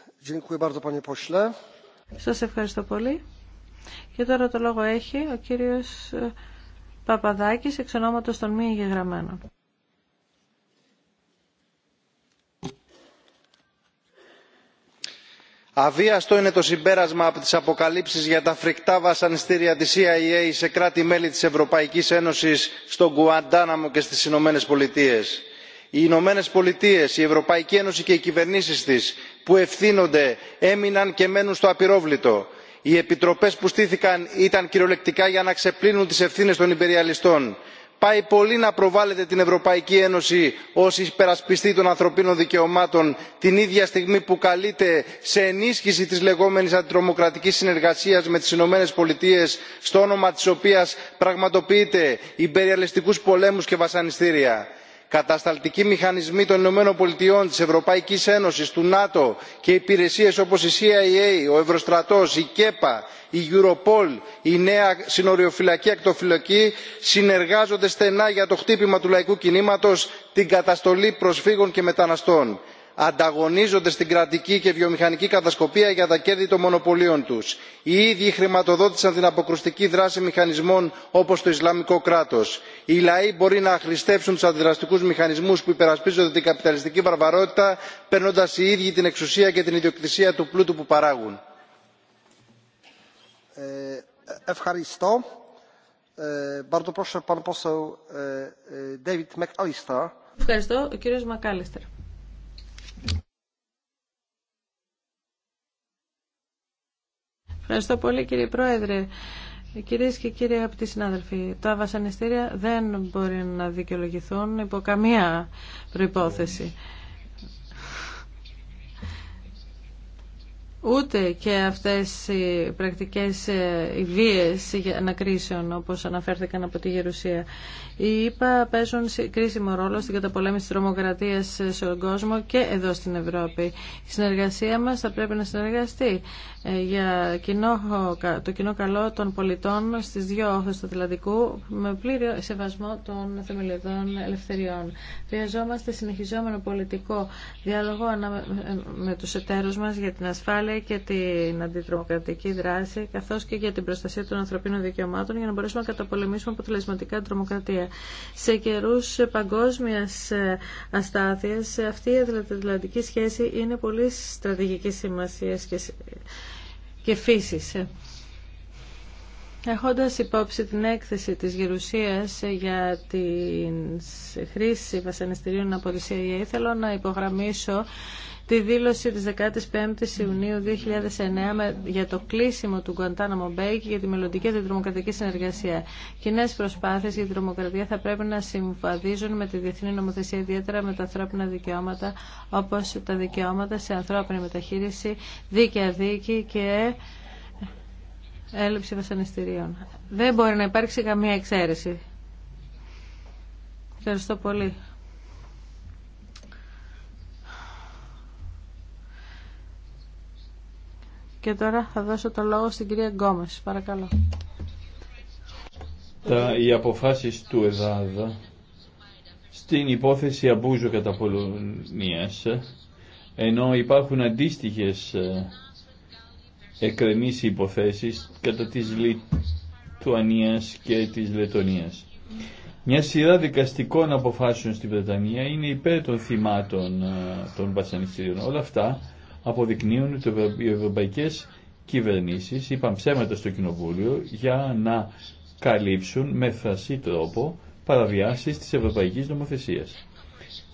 C: σας ευχαριστώ πολύ. Και τώρα το λόγο έχει ο κύριος ε, Παπαδάκης, εξ ονόματος των μη εγγεγραμμένων.
E: αβίαστο είναι το συμπέρασμα από τις αποκαλύψεις για τα φρικτά βασανιστήρια της cia σε κράτη μέλη της ευρωπαϊκής ένωσης στον Κουαντάναμο και στις Ηνωμένε πολιτείες. οι Ηνωμένε πολιτείες η ευρωπαϊκή ένωση και οι κυβερνήσεις της που ευθύνονται έμειναν και μένουν στο απειρόβλητο. οι επιτροπές που στήθηκαν ήταν κυριολεκτικά για να ξεπλύνουν τις ευθύνες των υπεριαλιστών. πάει πολύ να προβάλλεται την ευρωπαϊκή ένωση ως υπερασπιστή των ανθρωπίνων δικαιωμάτων την ίδια στιγμή που καλείται σε ενίσχυση της λεγόμενης αντιτρομοκρατική συνεργασίας με τις Ηνωμένε Πολιτείε στο όνομα τη οποία πραγματοποιείται υπεριαλιστικούς πολέμους και βασανιστήρια κατασταλτικοί μηχανισμοί των ηνωμένων πολιτειών της ευρωπαϊκής ένωσης του νατο και υπηρεσίες όπως η cia ο ευρωστρατός η κέπα η europol η νέα συνοριοφυλακή ακτοφυλακή συνεργάζονται στενά για το χτύπημα του λαϊκού κινήματος την καταστολή προσφύγων και μεταναστών ανταγωνίζονται στην κρατική και βιομηχανική κατασκοπία για τα κέρδη των μονοπωλίων τους. οι ίδιοι χρηματοδότησαν την αποκρουστική δράση μηχανισμών όπως το ισλαμικό κράτος. οι λαοί μπορεί να αχρηστεύσουν τους αντιδραστικούς μηχανισμούς που υπερασπίζονται την καπιταλιστική βαρβαρότητα παίρνοντας οι ίδιοι την εξουσία και την ιδιοκτησία του πλούτου που παράγουν. Ε, ευχαριστώ. Ε, ε,
C: ευχαριστώ. Μακάλιστερ. Ευχαριστώ πολύ κύριε Πρόεδρε. Κυρίε και κύριοι αγαπητοί συνάδελφοι, τα βασανιστήρια δεν μπορεί να δικαιολογηθούν υπό καμία προϋπόθεση. Ούτε και αυτές οι πρακτικές ε, βίες ανακρίσεων όπως αναφέρθηκαν από τη Γερουσία. Οι ΙΠΑ παίζουν κρίσιμο ρόλο στην καταπολέμηση τη τρομοκρατίας στον κόσμο και εδώ στην Ευρώπη. Η συνεργασία μα θα πρέπει να συνεργαστεί ε, για το κοινό καλό των πολιτών στι δύο όχθε του Ατλαντικού με πλήρη σεβασμό των θεμελιωδών ελευθεριών. Χρειαζόμαστε συνεχιζόμενο πολιτικό διάλογο με του εταίρου μα για την ασφάλεια και την αντιτρομοκρατική δράση καθώ και για την προστασία των ανθρωπίνων δικαιωμάτων για να μπορέσουμε να καταπολεμήσουμε αποτελεσματικά την τρομοκρατία. Σε καιρούς παγκόσμιας ε, αστάθειας ε, αυτή η ατλαντική σχέση είναι πολύ στρατηγική σημασία και φύσης. Έχοντας υπόψη την έκθεση της Γερουσίας ε, για τη χρήση βασανιστήριων από τη θέλω να υπογραμμίσω τη δήλωση της 15ης Ιουνίου 2009 για το κλείσιμο του Guantanamo Bay και για τη μελλοντική αντιτρομοκρατική συνεργασία. Κοινέ προσπάθειες για τη τρομοκρατία θα πρέπει να συμβαδίζουν με τη διεθνή νομοθεσία, ιδιαίτερα με τα ανθρώπινα δικαιώματα, όπως τα δικαιώματα σε ανθρώπινη μεταχείριση, δίκαια δίκη και έλλειψη βασανιστήριων. Δεν μπορεί να υπάρξει καμία εξαίρεση. Ευχαριστώ πολύ. Και τώρα θα δώσω το λόγο στην κυρία Γκόμες. Παρακαλώ.
A: Τα, οι αποφάσεις του ΕΔΑΔ στην υπόθεση Αμπούζο κατά Πολωνίας ενώ υπάρχουν αντίστοιχες ε, εκκρεμείς υποθέσεις κατά της Λιτουανίας και της Λετωνίας. Μια σειρά δικαστικών αποφάσεων στην Βρετανία είναι υπέρ των θυμάτων ε, των βασανιστήριων. Όλα αυτά αποδεικνύουν ότι οι ευρωπαϊκές κυβερνήσει είπαν ψέματα στο Κοινοβούλιο για να καλύψουν με θρασί τρόπο παραβιάσεις της ευρωπαϊκής νομοθεσίας.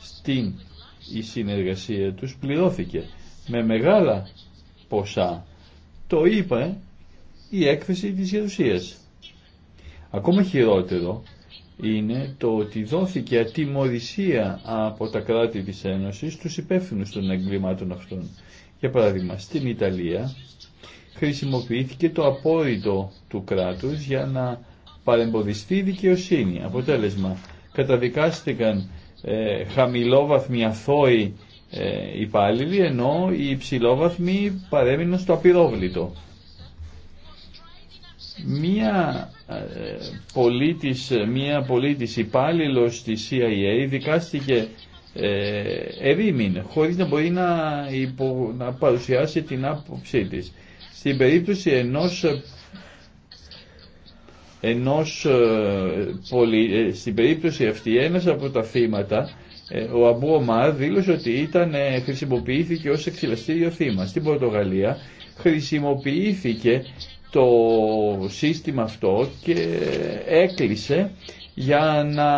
A: Στην η συνεργασία τους πληρώθηκε με μεγάλα ποσά. Το είπε η έκθεση της Γερουσίας. Ακόμα χειρότερο, είναι το ότι δόθηκε ατιμωρησία από τα κράτη της Ένωσης στους υπεύθυνους των εγκλημάτων αυτών. Για παράδειγμα, στην Ιταλία χρησιμοποιήθηκε το απόρριτο του κράτους για να παρεμποδιστεί η δικαιοσύνη. Αποτέλεσμα, καταδικάστηκαν ε, χαμηλόβαθμοι αθώοι ε, υπάλληλοι, ενώ οι υψηλόβαθμοι παρέμειναν στο απειρόβλητο. Μία ε, πολίτης, ε, μία πολίτης υπάλληλος τη CIA δικάστηκε ε, ερήμην χωρίς να μπορεί να, υπο, να παρουσιάσει την άποψή της. Στην περίπτωση ενός ενός ε, πολι... στην περίπτωση αυτή ένας από τα θύματα ο Αμπού Ομάρ δήλωσε ότι ήταν, χρησιμοποιήθηκε ως εξυλαστήριο θύμα. Στην Πορτογαλία χρησιμοποιήθηκε το σύστημα αυτό και έκλεισε για να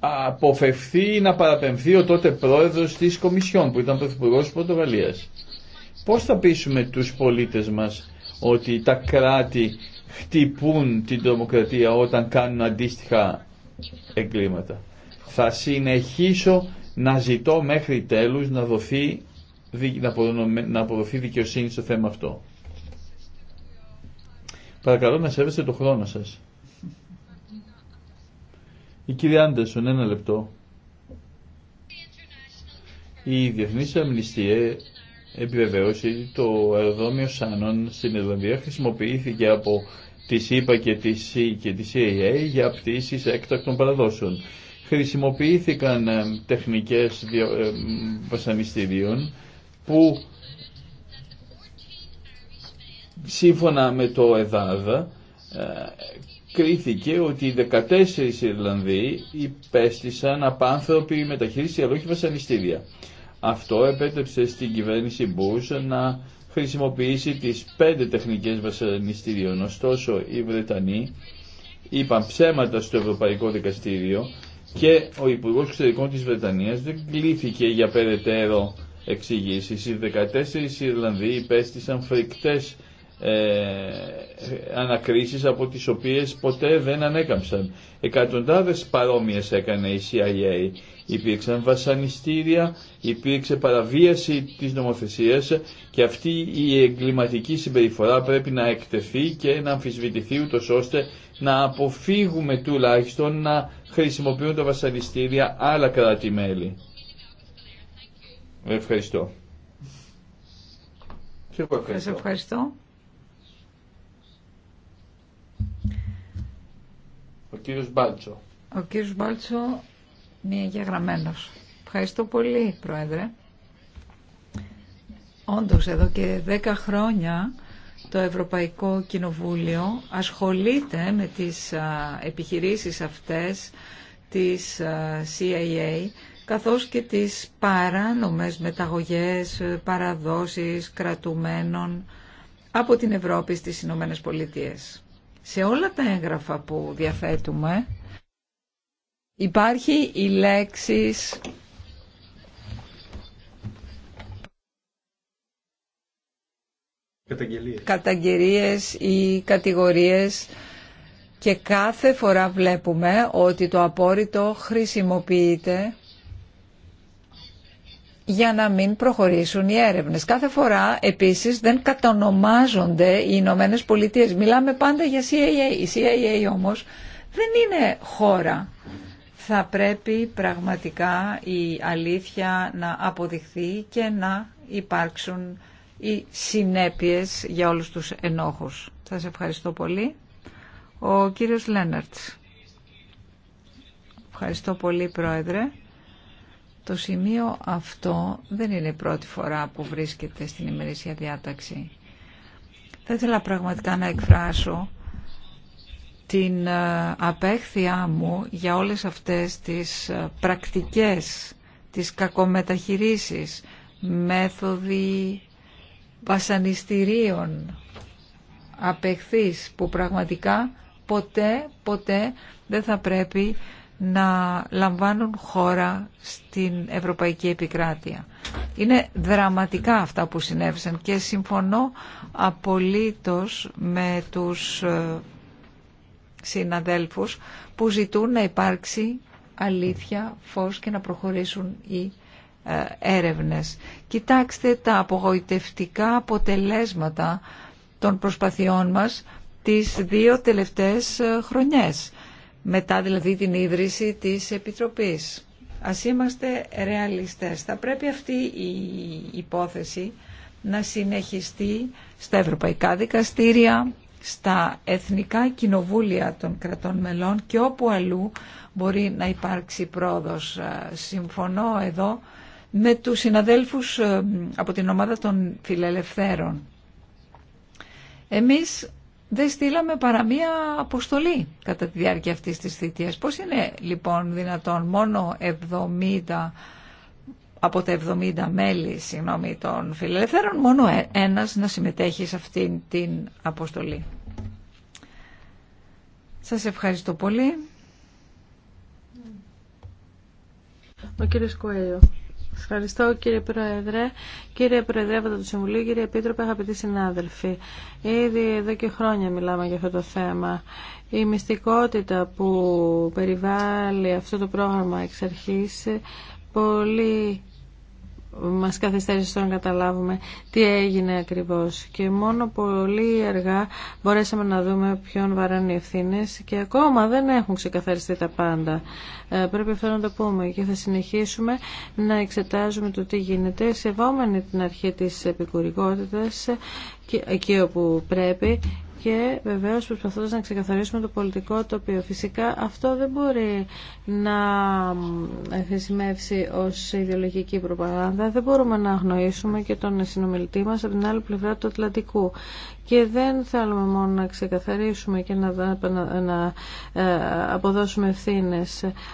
A: αποφευθεί να παραπεμφθεί ο τότε πρόεδρος της Κομισιόν που ήταν πρωθυπουργός της Πορτογαλίας. Πώς θα πείσουμε τους πολίτες μας ότι τα κράτη χτυπούν την τρομοκρατία όταν κάνουν αντίστοιχα εγκλήματα. Θα συνεχίσω να ζητώ μέχρι τέλους να δοθεί να αποδοθεί δικαιοσύνη στο θέμα αυτό. Παρακαλώ να σέβεστε το χρόνο σας. Η κυρία Άντερσον, ένα λεπτό. Η Διεθνής Αμνηστία επιβεβαίωσε ότι το αεροδρόμιο Σάνων στην Ιρλανδία χρησιμοποιήθηκε από τη ΣΥΠΑ και τη, και CIA για πτήσεις έκτακτων παραδόσεων. Χρησιμοποιήθηκαν ε, τεχνικές ε, βασανιστήριων που σύμφωνα με το ΕΔΑΔ ε, κρίθηκε ότι οι 14 Ιρλανδοί υπέστησαν απάνθρωποι μεταχείριση αλλά όχι βασανιστήρια. Αυτό επέτρεψε στην κυβέρνηση Μπούς να χρησιμοποιήσει τις πέντε τεχνικές βασανιστήριων. Ωστόσο οι Βρετανοί είπαν ψέματα στο Ευρωπαϊκό Δικαστήριο και ο Υπουργός Εξωτερικών της Βρετανίας δεν κλήθηκε για περαιτέρω εξηγήσεις. Οι 14 Ιρλανδοί υπέστησαν φρικτές ε, ανακρίσεις από τις οποίες ποτέ δεν ανέκαμψαν. Εκατοντάδες παρόμοιες έκανε η CIA. Υπήρξαν βασανιστήρια, υπήρξε παραβίαση της νομοθεσίας και αυτή η εγκληματική συμπεριφορά πρέπει να εκτεθεί και να αμφισβητηθεί ούτως ώστε να αποφύγουμε τουλάχιστον να χρησιμοποιούν τα βασανιστήρια άλλα κράτη-μέλη. Ευχαριστώ.
D: Σα ευχαριστώ.
A: Ο κύριος Μπάλτσο.
D: Ο κύριος Μπάλτσο είναι Ευχαριστώ πολύ, Πρόεδρε. Όντως, εδώ και δέκα χρόνια το Ευρωπαϊκό Κοινοβούλιο ασχολείται με τις επιχειρήσεις αυτές της CIA καθώς και τις παράνομες μεταγωγές, παραδόσεις κρατουμένων από την Ευρώπη στις Ηνωμένε Πολιτείε. Σε όλα τα έγγραφα που διαθέτουμε υπάρχει η λέξη καταγγελίες. καταγγελίες ή κατηγορίες και κάθε φορά βλέπουμε ότι το απόρριτο χρησιμοποιείται για να μην προχωρήσουν οι έρευνες. Κάθε φορά επίσης δεν κατονομάζονται οι Ηνωμένε Πολιτείες. Μιλάμε πάντα για CIA. Η CIA όμως δεν είναι χώρα. Θα πρέπει πραγματικά η αλήθεια να αποδειχθεί και να υπάρξουν οι συνέπειες για όλους τους ενόχους. Σας ευχαριστώ πολύ. Ο κύριος Λέναρτς. Ευχαριστώ πολύ, Πρόεδρε. Το σημείο αυτό δεν είναι η πρώτη φορά που βρίσκεται στην ημερήσια διάταξη. Θα ήθελα πραγματικά να εκφράσω την ε, απέχθειά μου για όλες αυτές τις ε, πρακτικές, τις κακομεταχειρήσεις, μέθοδοι βασανιστήριων απεχθείς που πραγματικά ποτέ, ποτέ δεν θα πρέπει να λαμβάνουν χώρα στην Ευρωπαϊκή Επικράτεια. Είναι δραματικά αυτά που συνέβησαν και συμφωνώ απολύτως με τους ε, συναδέλφους που ζητούν να υπάρξει αλήθεια, φως και να προχωρήσουν οι ε, έρευνες. Κοιτάξτε τα απογοητευτικά αποτελέσματα των προσπαθειών μας τις δύο τελευταίες ε, χρονιές μετά δηλαδή την ίδρυση της Επιτροπής. Ας είμαστε ρεαλιστές. Θα πρέπει αυτή η υπόθεση να συνεχιστεί στα ευρωπαϊκά δικαστήρια, στα εθνικά κοινοβούλια των κρατών μελών και όπου αλλού μπορεί να υπάρξει πρόοδος. Ε, συμφωνώ εδώ με τους συναδέλφους ε, από την ομάδα των φιλελευθέρων. Εμείς δεν στείλαμε παρά μία αποστολή κατά τη διάρκεια αυτής της θητείας. Πώς είναι λοιπόν δυνατόν μόνο 70 από τα 70 μέλη συγγνώμη, των φιλελευθέρων μόνο ε, ένας να συμμετέχει σε αυτήν την αποστολή. Σας ευχαριστώ πολύ.
C: Ο κύριος Κοέλιο. Ευχαριστώ κύριε Πρόεδρε, κύριε Προεδρεύοντα του Συμβουλίου, κύριε Επίτροπε, αγαπητοί συνάδελφοι. Ήδη εδώ και χρόνια μιλάμε για αυτό το θέμα. Η μυστικότητα που περιβάλλει αυτό το πρόγραμμα εξ αρχής πολύ μας καθυστέρησε στο να καταλάβουμε τι έγινε ακριβώς και μόνο πολύ αργά μπορέσαμε να δούμε ποιον βαράνε οι ευθύνε και ακόμα δεν έχουν ξεκαθαριστεί τα πάντα. Ε, πρέπει αυτό να το πούμε και θα συνεχίσουμε να εξετάζουμε το τι γίνεται σεβόμενοι την αρχή της επικουρικότητας και εκεί όπου πρέπει και βεβαίως προσπαθώντας να ξεκαθαρίσουμε το πολιτικό τοπίο. Φυσικά αυτό δεν μπορεί να χρησιμεύσει ως ιδεολογική προπαγάνδα. Δεν μπορούμε να αγνοήσουμε και τον συνομιλητή μας από την άλλη πλευρά του Ατλαντικού. Και δεν θέλουμε μόνο να ξεκαθαρίσουμε και να, να, να ε, αποδώσουμε ευθύνε.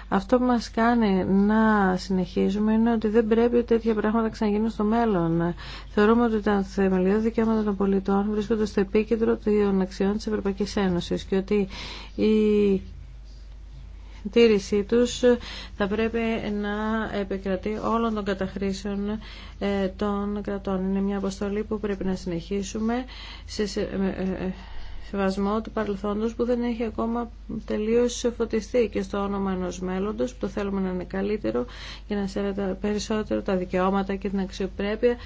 C: Αυτό που μας κάνει να συνεχίζουμε είναι ότι δεν πρέπει τέτοια πράγματα να ξαναγίνουν στο μέλλον. Θεωρούμε ότι τα θεμελιώδη δικαιώματα των πολιτών βρίσκονται στο επίκεντρο των αξιών της Ευρωπαϊκής Ένωσης και ότι η τήρησή τους θα πρέπει να επικρατεί όλων των καταχρήσεων ε, των κρατών. Είναι μια αποστολή που πρέπει να συνεχίσουμε σε ε, ε, σεβασμό του παρελθόντος που δεν έχει ακόμα τελείως φωτιστεί και στο όνομα ενός μέλλοντος που το θέλουμε να είναι καλύτερο και να σέβεται περισσότερο τα δικαιώματα και την αξιοπρέπεια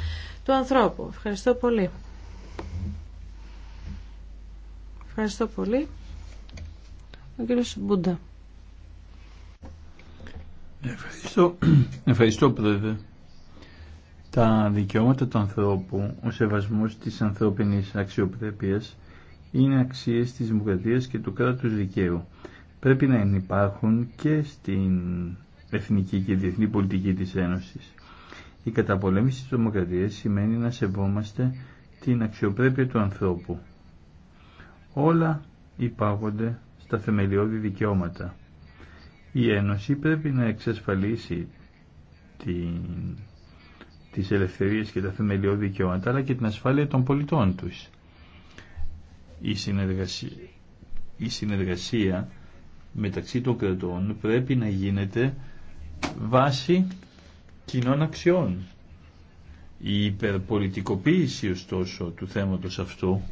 C: του ανθρώπου. Ευχαριστώ πολύ. Ευχαριστώ πολύ. Ο κύριος Μπούντα.
A: Ευχαριστώ, Ευχαριστώ πρόεδρε. Τα δικαιώματα του ανθρώπου, ο σεβασμός της ανθρώπινης αξιοπρέπειας είναι αξίες της δημοκρατίας και του κράτους δικαίου. Πρέπει να υπάρχουν και στην εθνική και διεθνή πολιτική της Ένωσης. Η καταπολέμηση της δημοκρατίας σημαίνει να σεβόμαστε την αξιοπρέπεια του ανθρώπου όλα υπάγονται στα θεμελιώδη δικαιώματα. Η Ένωση πρέπει να εξασφαλίσει την, τις ελευθερίες και τα θεμελιώδη δικαιώματα αλλά και την ασφάλεια των πολιτών τους. Η συνεργασία, η συνεργασία μεταξύ των κρατών πρέπει να γίνεται βάση κοινών αξιών. Η υπερπολιτικοποίηση ωστόσο του θέματος αυτού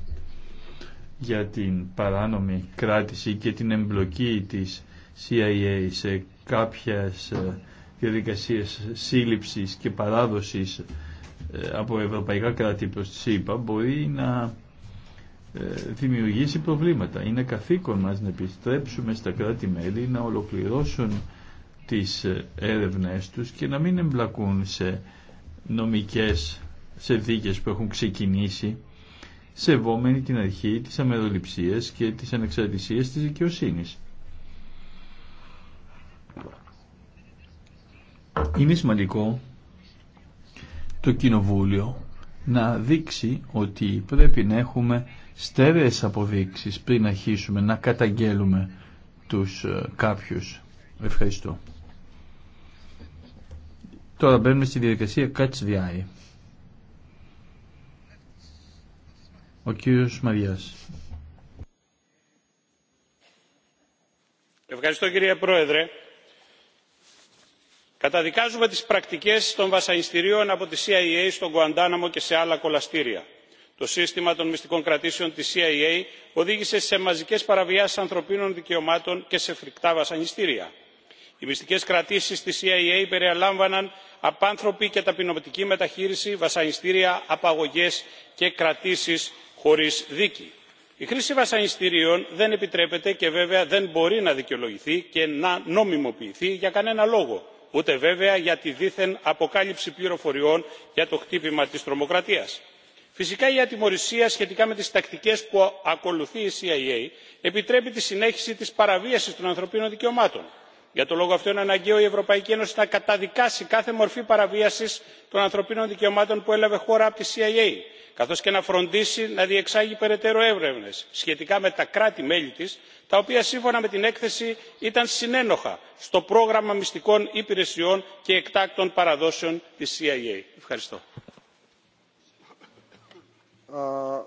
A: για την παράνομη κράτηση και την εμπλοκή της CIA σε κάποιες ε, διαδικασίες σύλληψης και παράδοσης ε, από ευρωπαϊκά κράτη προς τη ΣΥΠΑ μπορεί να ε, δημιουργήσει προβλήματα. Είναι καθήκον μας να επιστρέψουμε στα κράτη-μέλη να ολοκληρώσουν τις έρευνές τους και να μην εμπλακούν σε νομικές, σε δίκες που έχουν ξεκινήσει σεβόμενη την αρχή της αμεροληψίας και της ανεξαρτησίας της δικαιοσύνης. Είναι σημαντικό το Κοινοβούλιο να δείξει ότι πρέπει να έχουμε στέρεες αποδείξεις πριν αρχίσουμε να καταγγέλουμε τους ε, κάποιους. Ευχαριστώ. Τώρα μπαίνουμε στη διαδικασία Catch Ο κύριος Μαριάς.
B: Ευχαριστώ κύριε Πρόεδρε. Καταδικάζουμε τις πρακτικές των βασανιστήριων από τη CIA στον Κουαντάναμο και σε άλλα κολαστήρια. Το σύστημα των μυστικών κρατήσεων της CIA οδήγησε σε μαζικές παραβιάσεις ανθρωπίνων δικαιωμάτων και σε φρικτά βασανιστήρια. Οι μυστικές κρατήσεις της CIA περιελάμβαναν απάνθρωπη και ταπεινωτική μεταχείριση, βασανιστήρια, απαγωγές και κρατήσεις χωρίς δίκη. η χρήση βασανιστήριων δεν επιτρέπεται και βέβαια δεν μπορεί να δικαιολογηθεί και να νομιμοποιηθεί για κανένα λόγο ούτε βέβαια για τη δίθεν αποκάλυψη πληροφοριών για το χτύπημα της τρομοκρατίας. φυσικά η ατιμορρυσία σχετικά με τις τακτικές που ακολουθεί η cia επιτρέπει τη συνέχιση της παραβίασης των ανθρωπίνων δικαιωμάτων για τον λόγο αυτό είναι αναγκαίο η ευρωπαϊκή ένωση να καταδικάσει κάθε μορφή παραβίασης των ανθρωπίνων δικαιωμάτων που έλαβε χώρα από τη cia καθώς και να φροντίσει να διεξάγει περαιτέρω έρευνες σχετικά με τα κράτη μέλη της τα οποία σύμφωνα με την έκθεση ήταν συνένοχα στο πρόγραμμα μυστικών υπηρεσιών και εκτάκτων παραδόσεων της cia. Ευχαριστώ.
E: Uh,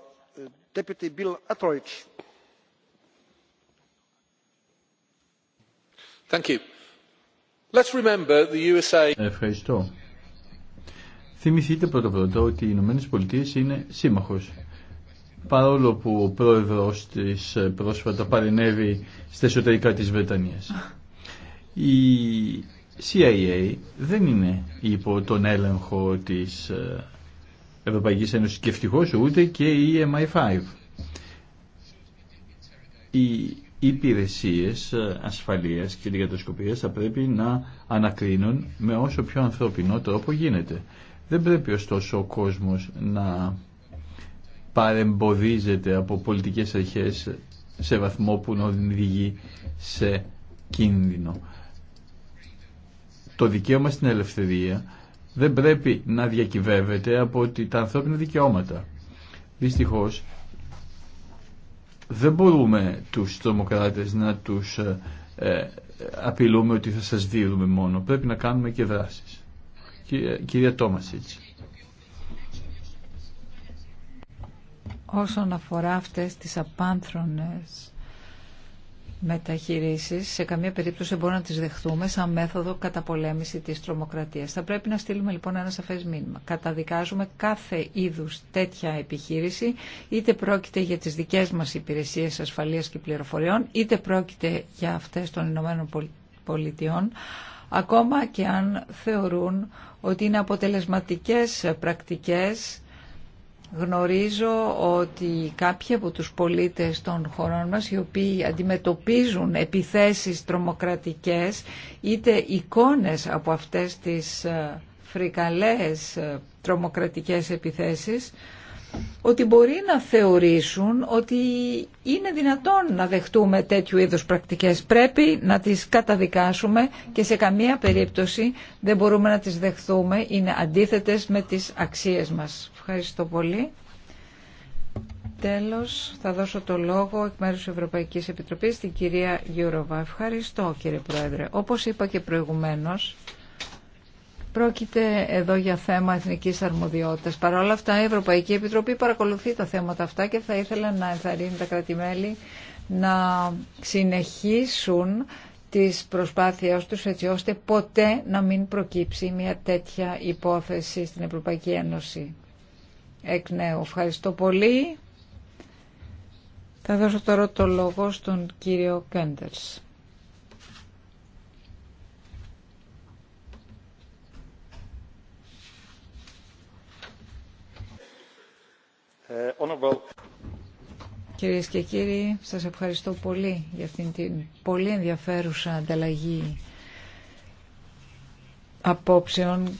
A: Ευχαριστώ. Θυμηθείτε πρώτα πρώτα ότι οι Ηνωμένε Πολιτείε είναι σύμμαχος. Παρόλο που ο πρόεδρος της πρόσφατα παρενέβη στα εσωτερικά της Βρετανία. Η CIA δεν είναι υπό τον έλεγχο της ε, Ευρωπαϊκής Ένωσης και ευτυχώς ούτε και η MI5 υπηρεσίες ε, ασφαλείας και λιγατοσκοπίας θα πρέπει να ανακρίνουν με όσο πιο ανθρωπινό τρόπο γίνεται. Δεν πρέπει ωστόσο ο κόσμος να παρεμποδίζεται από πολιτικές αρχές σε βαθμό που να οδηγεί σε κίνδυνο. Το δικαίωμα στην ελευθερία δεν πρέπει να διακυβεύεται από τα ανθρώπινα δικαιώματα. Δυστυχώς δεν μπορούμε τους τρομοκράτες να τους ε, ε, απειλούμε ότι θα σας δίδουμε μόνο. Πρέπει να κάνουμε και δράσεις. Κυρία, κυρία έτσι.
D: Όσον αφορά αυτές τις απάνθρωνες μεταχειρήσεις σε καμία περίπτωση μπορούμε να τις δεχτούμε σαν μέθοδο καταπολέμηση της τρομοκρατίας. Θα πρέπει να στείλουμε λοιπόν ένα σαφές μήνυμα. Καταδικάζουμε κάθε είδους τέτοια επιχείρηση, είτε πρόκειται για τις δικές μας υπηρεσίες ασφαλείας και πληροφοριών, είτε πρόκειται για αυτές των Ηνωμένων Πολιτειών, ακόμα και αν θεωρούν ότι είναι αποτελεσματικές πρακτικές Γνωρίζω ότι κάποιοι από τους πολίτες των χωρών μας οι οποίοι αντιμετωπίζουν επιθέσεις τρομοκρατικές είτε εικόνες από αυτές τις ε, φρικαλές ε, τρομοκρατικές επιθέσεις ότι μπορεί να θεωρήσουν ότι είναι δυνατόν να δεχτούμε τέτοιου είδους πρακτικές. Πρέπει να τις καταδικάσουμε και σε καμία περίπτωση δεν μπορούμε να τις δεχθούμε. Είναι αντίθετες με τις αξίες μας. Ευχαριστώ πολύ. Τέλος, θα δώσω το λόγο εκ μέρους της Ευρωπαϊκής Επιτροπής στην κυρία Γιούροβα. Ευχαριστώ κύριε Πρόεδρε. Όπως είπα και προηγουμένως, πρόκειται εδώ για θέμα εθνικής αρμοδιότητας. Παρ' όλα αυτά η Ευρωπαϊκή Επιτροπή παρακολουθεί τα θέματα αυτά και θα ήθελα να ενθαρρύνει τα κρατημέλη να συνεχίσουν τις προσπάθειές τους έτσι ώστε ποτέ να μην προκύψει μια τέτοια υπόθεση στην Ευρωπαϊκή Ένωση εκ νέου. Ευχαριστώ πολύ. Θα δώσω τώρα το λόγο στον κύριο Κέντερς. Κυρίε και κύριοι, σας ευχαριστώ πολύ για αυτήν την πολύ ενδιαφέρουσα ανταλλαγή απόψεων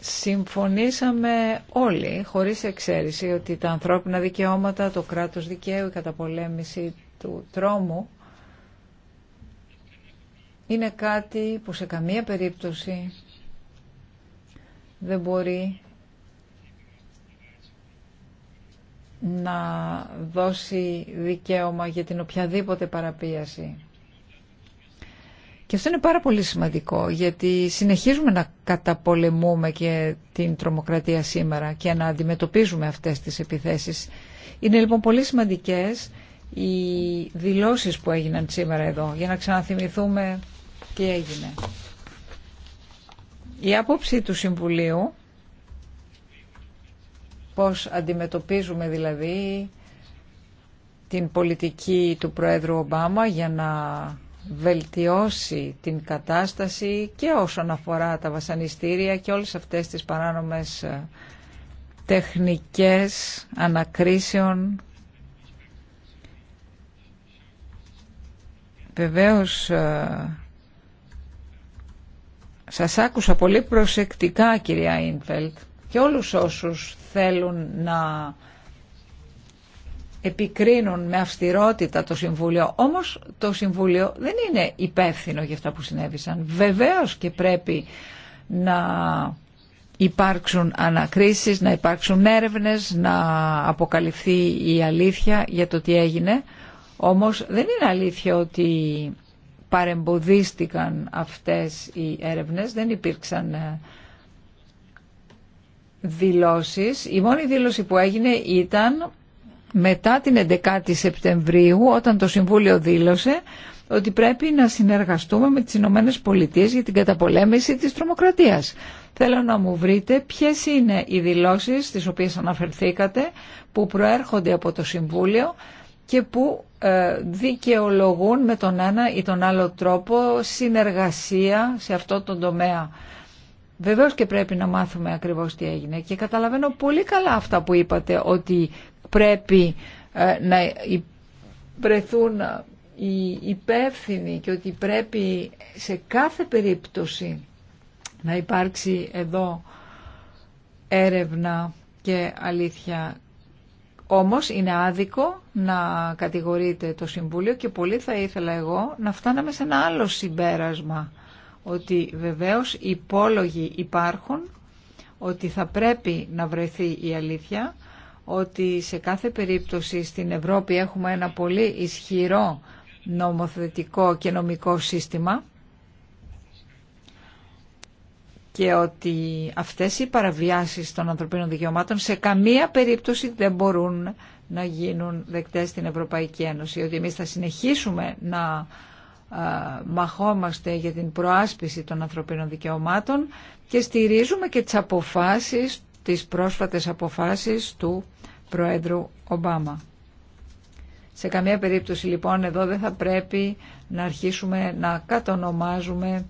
D: συμφωνήσαμε όλοι, χωρίς εξαίρεση, ότι τα ανθρώπινα δικαιώματα, το κράτος δικαίου, η καταπολέμηση του τρόμου είναι κάτι που σε καμία περίπτωση δεν μπορεί να δώσει δικαίωμα για την οποιαδήποτε παραπίαση. Και αυτό είναι πάρα πολύ σημαντικό γιατί συνεχίζουμε να καταπολεμούμε και την τρομοκρατία σήμερα και να αντιμετωπίζουμε αυτές τις επιθέσεις. Είναι λοιπόν πολύ σημαντικές οι δηλώσεις που έγιναν σήμερα εδώ για να ξαναθυμηθούμε τι έγινε. Η άποψη του Συμβουλίου, πώς αντιμετωπίζουμε δηλαδή την πολιτική του Προέδρου Ομπάμα για να βελτιώσει την κατάσταση και όσον αφορά τα βασανιστήρια και όλες αυτές τις παράνομες ε, τεχνικές ανακρίσεων. Βεβαίως ε, σας άκουσα πολύ προσεκτικά κυρία Ίνφελτ και όλους όσους θέλουν να επικρίνουν με αυστηρότητα το Συμβούλιο. Όμως το Συμβούλιο δεν είναι υπεύθυνο για αυτά που συνέβησαν. Βεβαίως και πρέπει να υπάρξουν ανακρίσεις, να υπάρξουν έρευνες, να αποκαλυφθεί η αλήθεια για το τι έγινε. Όμως δεν είναι αλήθεια ότι παρεμποδίστηκαν αυτές οι έρευνες, δεν υπήρξαν ε, δηλώσεις. Η μόνη δήλωση που έγινε ήταν μετά την 11η Σεπτεμβρίου όταν το Συμβούλιο δήλωσε ότι πρέπει να συνεργαστούμε με τις Ηνωμένε Πολιτείες για την καταπολέμηση της τρομοκρατίας. Θέλω να μου βρείτε ποιες είναι οι δηλώσεις στις οποίες αναφερθήκατε που προέρχονται από το Συμβούλιο και που ε, δικαιολογούν με τον ένα ή τον άλλο τρόπο συνεργασία σε αυτό το τομέα. Βεβαίως και πρέπει να μάθουμε ακριβώς τι έγινε και καταλαβαίνω πολύ καλά αυτά που είπατε ότι πρέπει ε, να βρεθούν ε, οι υπεύθυνοι και ότι πρέπει σε κάθε περίπτωση να υπάρξει εδώ έρευνα και αλήθεια. Όμως είναι άδικο να κατηγορείται το Συμβούλιο και πολύ θα ήθελα εγώ να φτάναμε σε ένα άλλο συμπέρασμα ότι βεβαίως υπόλογοι υπάρχουν, ότι θα πρέπει να βρεθεί η αλήθεια, ότι σε κάθε περίπτωση στην Ευρώπη έχουμε ένα πολύ ισχυρό νομοθετικό και νομικό σύστημα και ότι αυτές οι παραβιάσεις των ανθρωπίνων δικαιωμάτων σε καμία περίπτωση δεν μπορούν να γίνουν δεκτές στην Ευρωπαϊκή Ένωση. Ότι εμείς θα συνεχίσουμε να μαχόμαστε για την προάσπιση των ανθρωπίνων δικαιωμάτων και στηρίζουμε και τις αποφάσεις, τις πρόσφατες αποφάσεις του Προέδρου Ομπάμα. Σε καμία περίπτωση λοιπόν εδώ δεν θα πρέπει να αρχίσουμε να κατονομάζουμε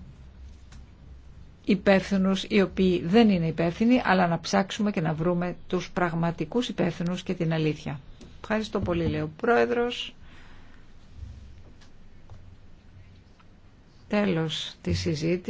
D: υπεύθυνου οι οποίοι δεν είναι υπεύθυνοι, αλλά να ψάξουμε και να βρούμε τους πραγματικούς υπεύθυνου και την αλήθεια. Ευχαριστώ πολύ, λέει ο Πρόεδρος. τέλος της συζήτησης.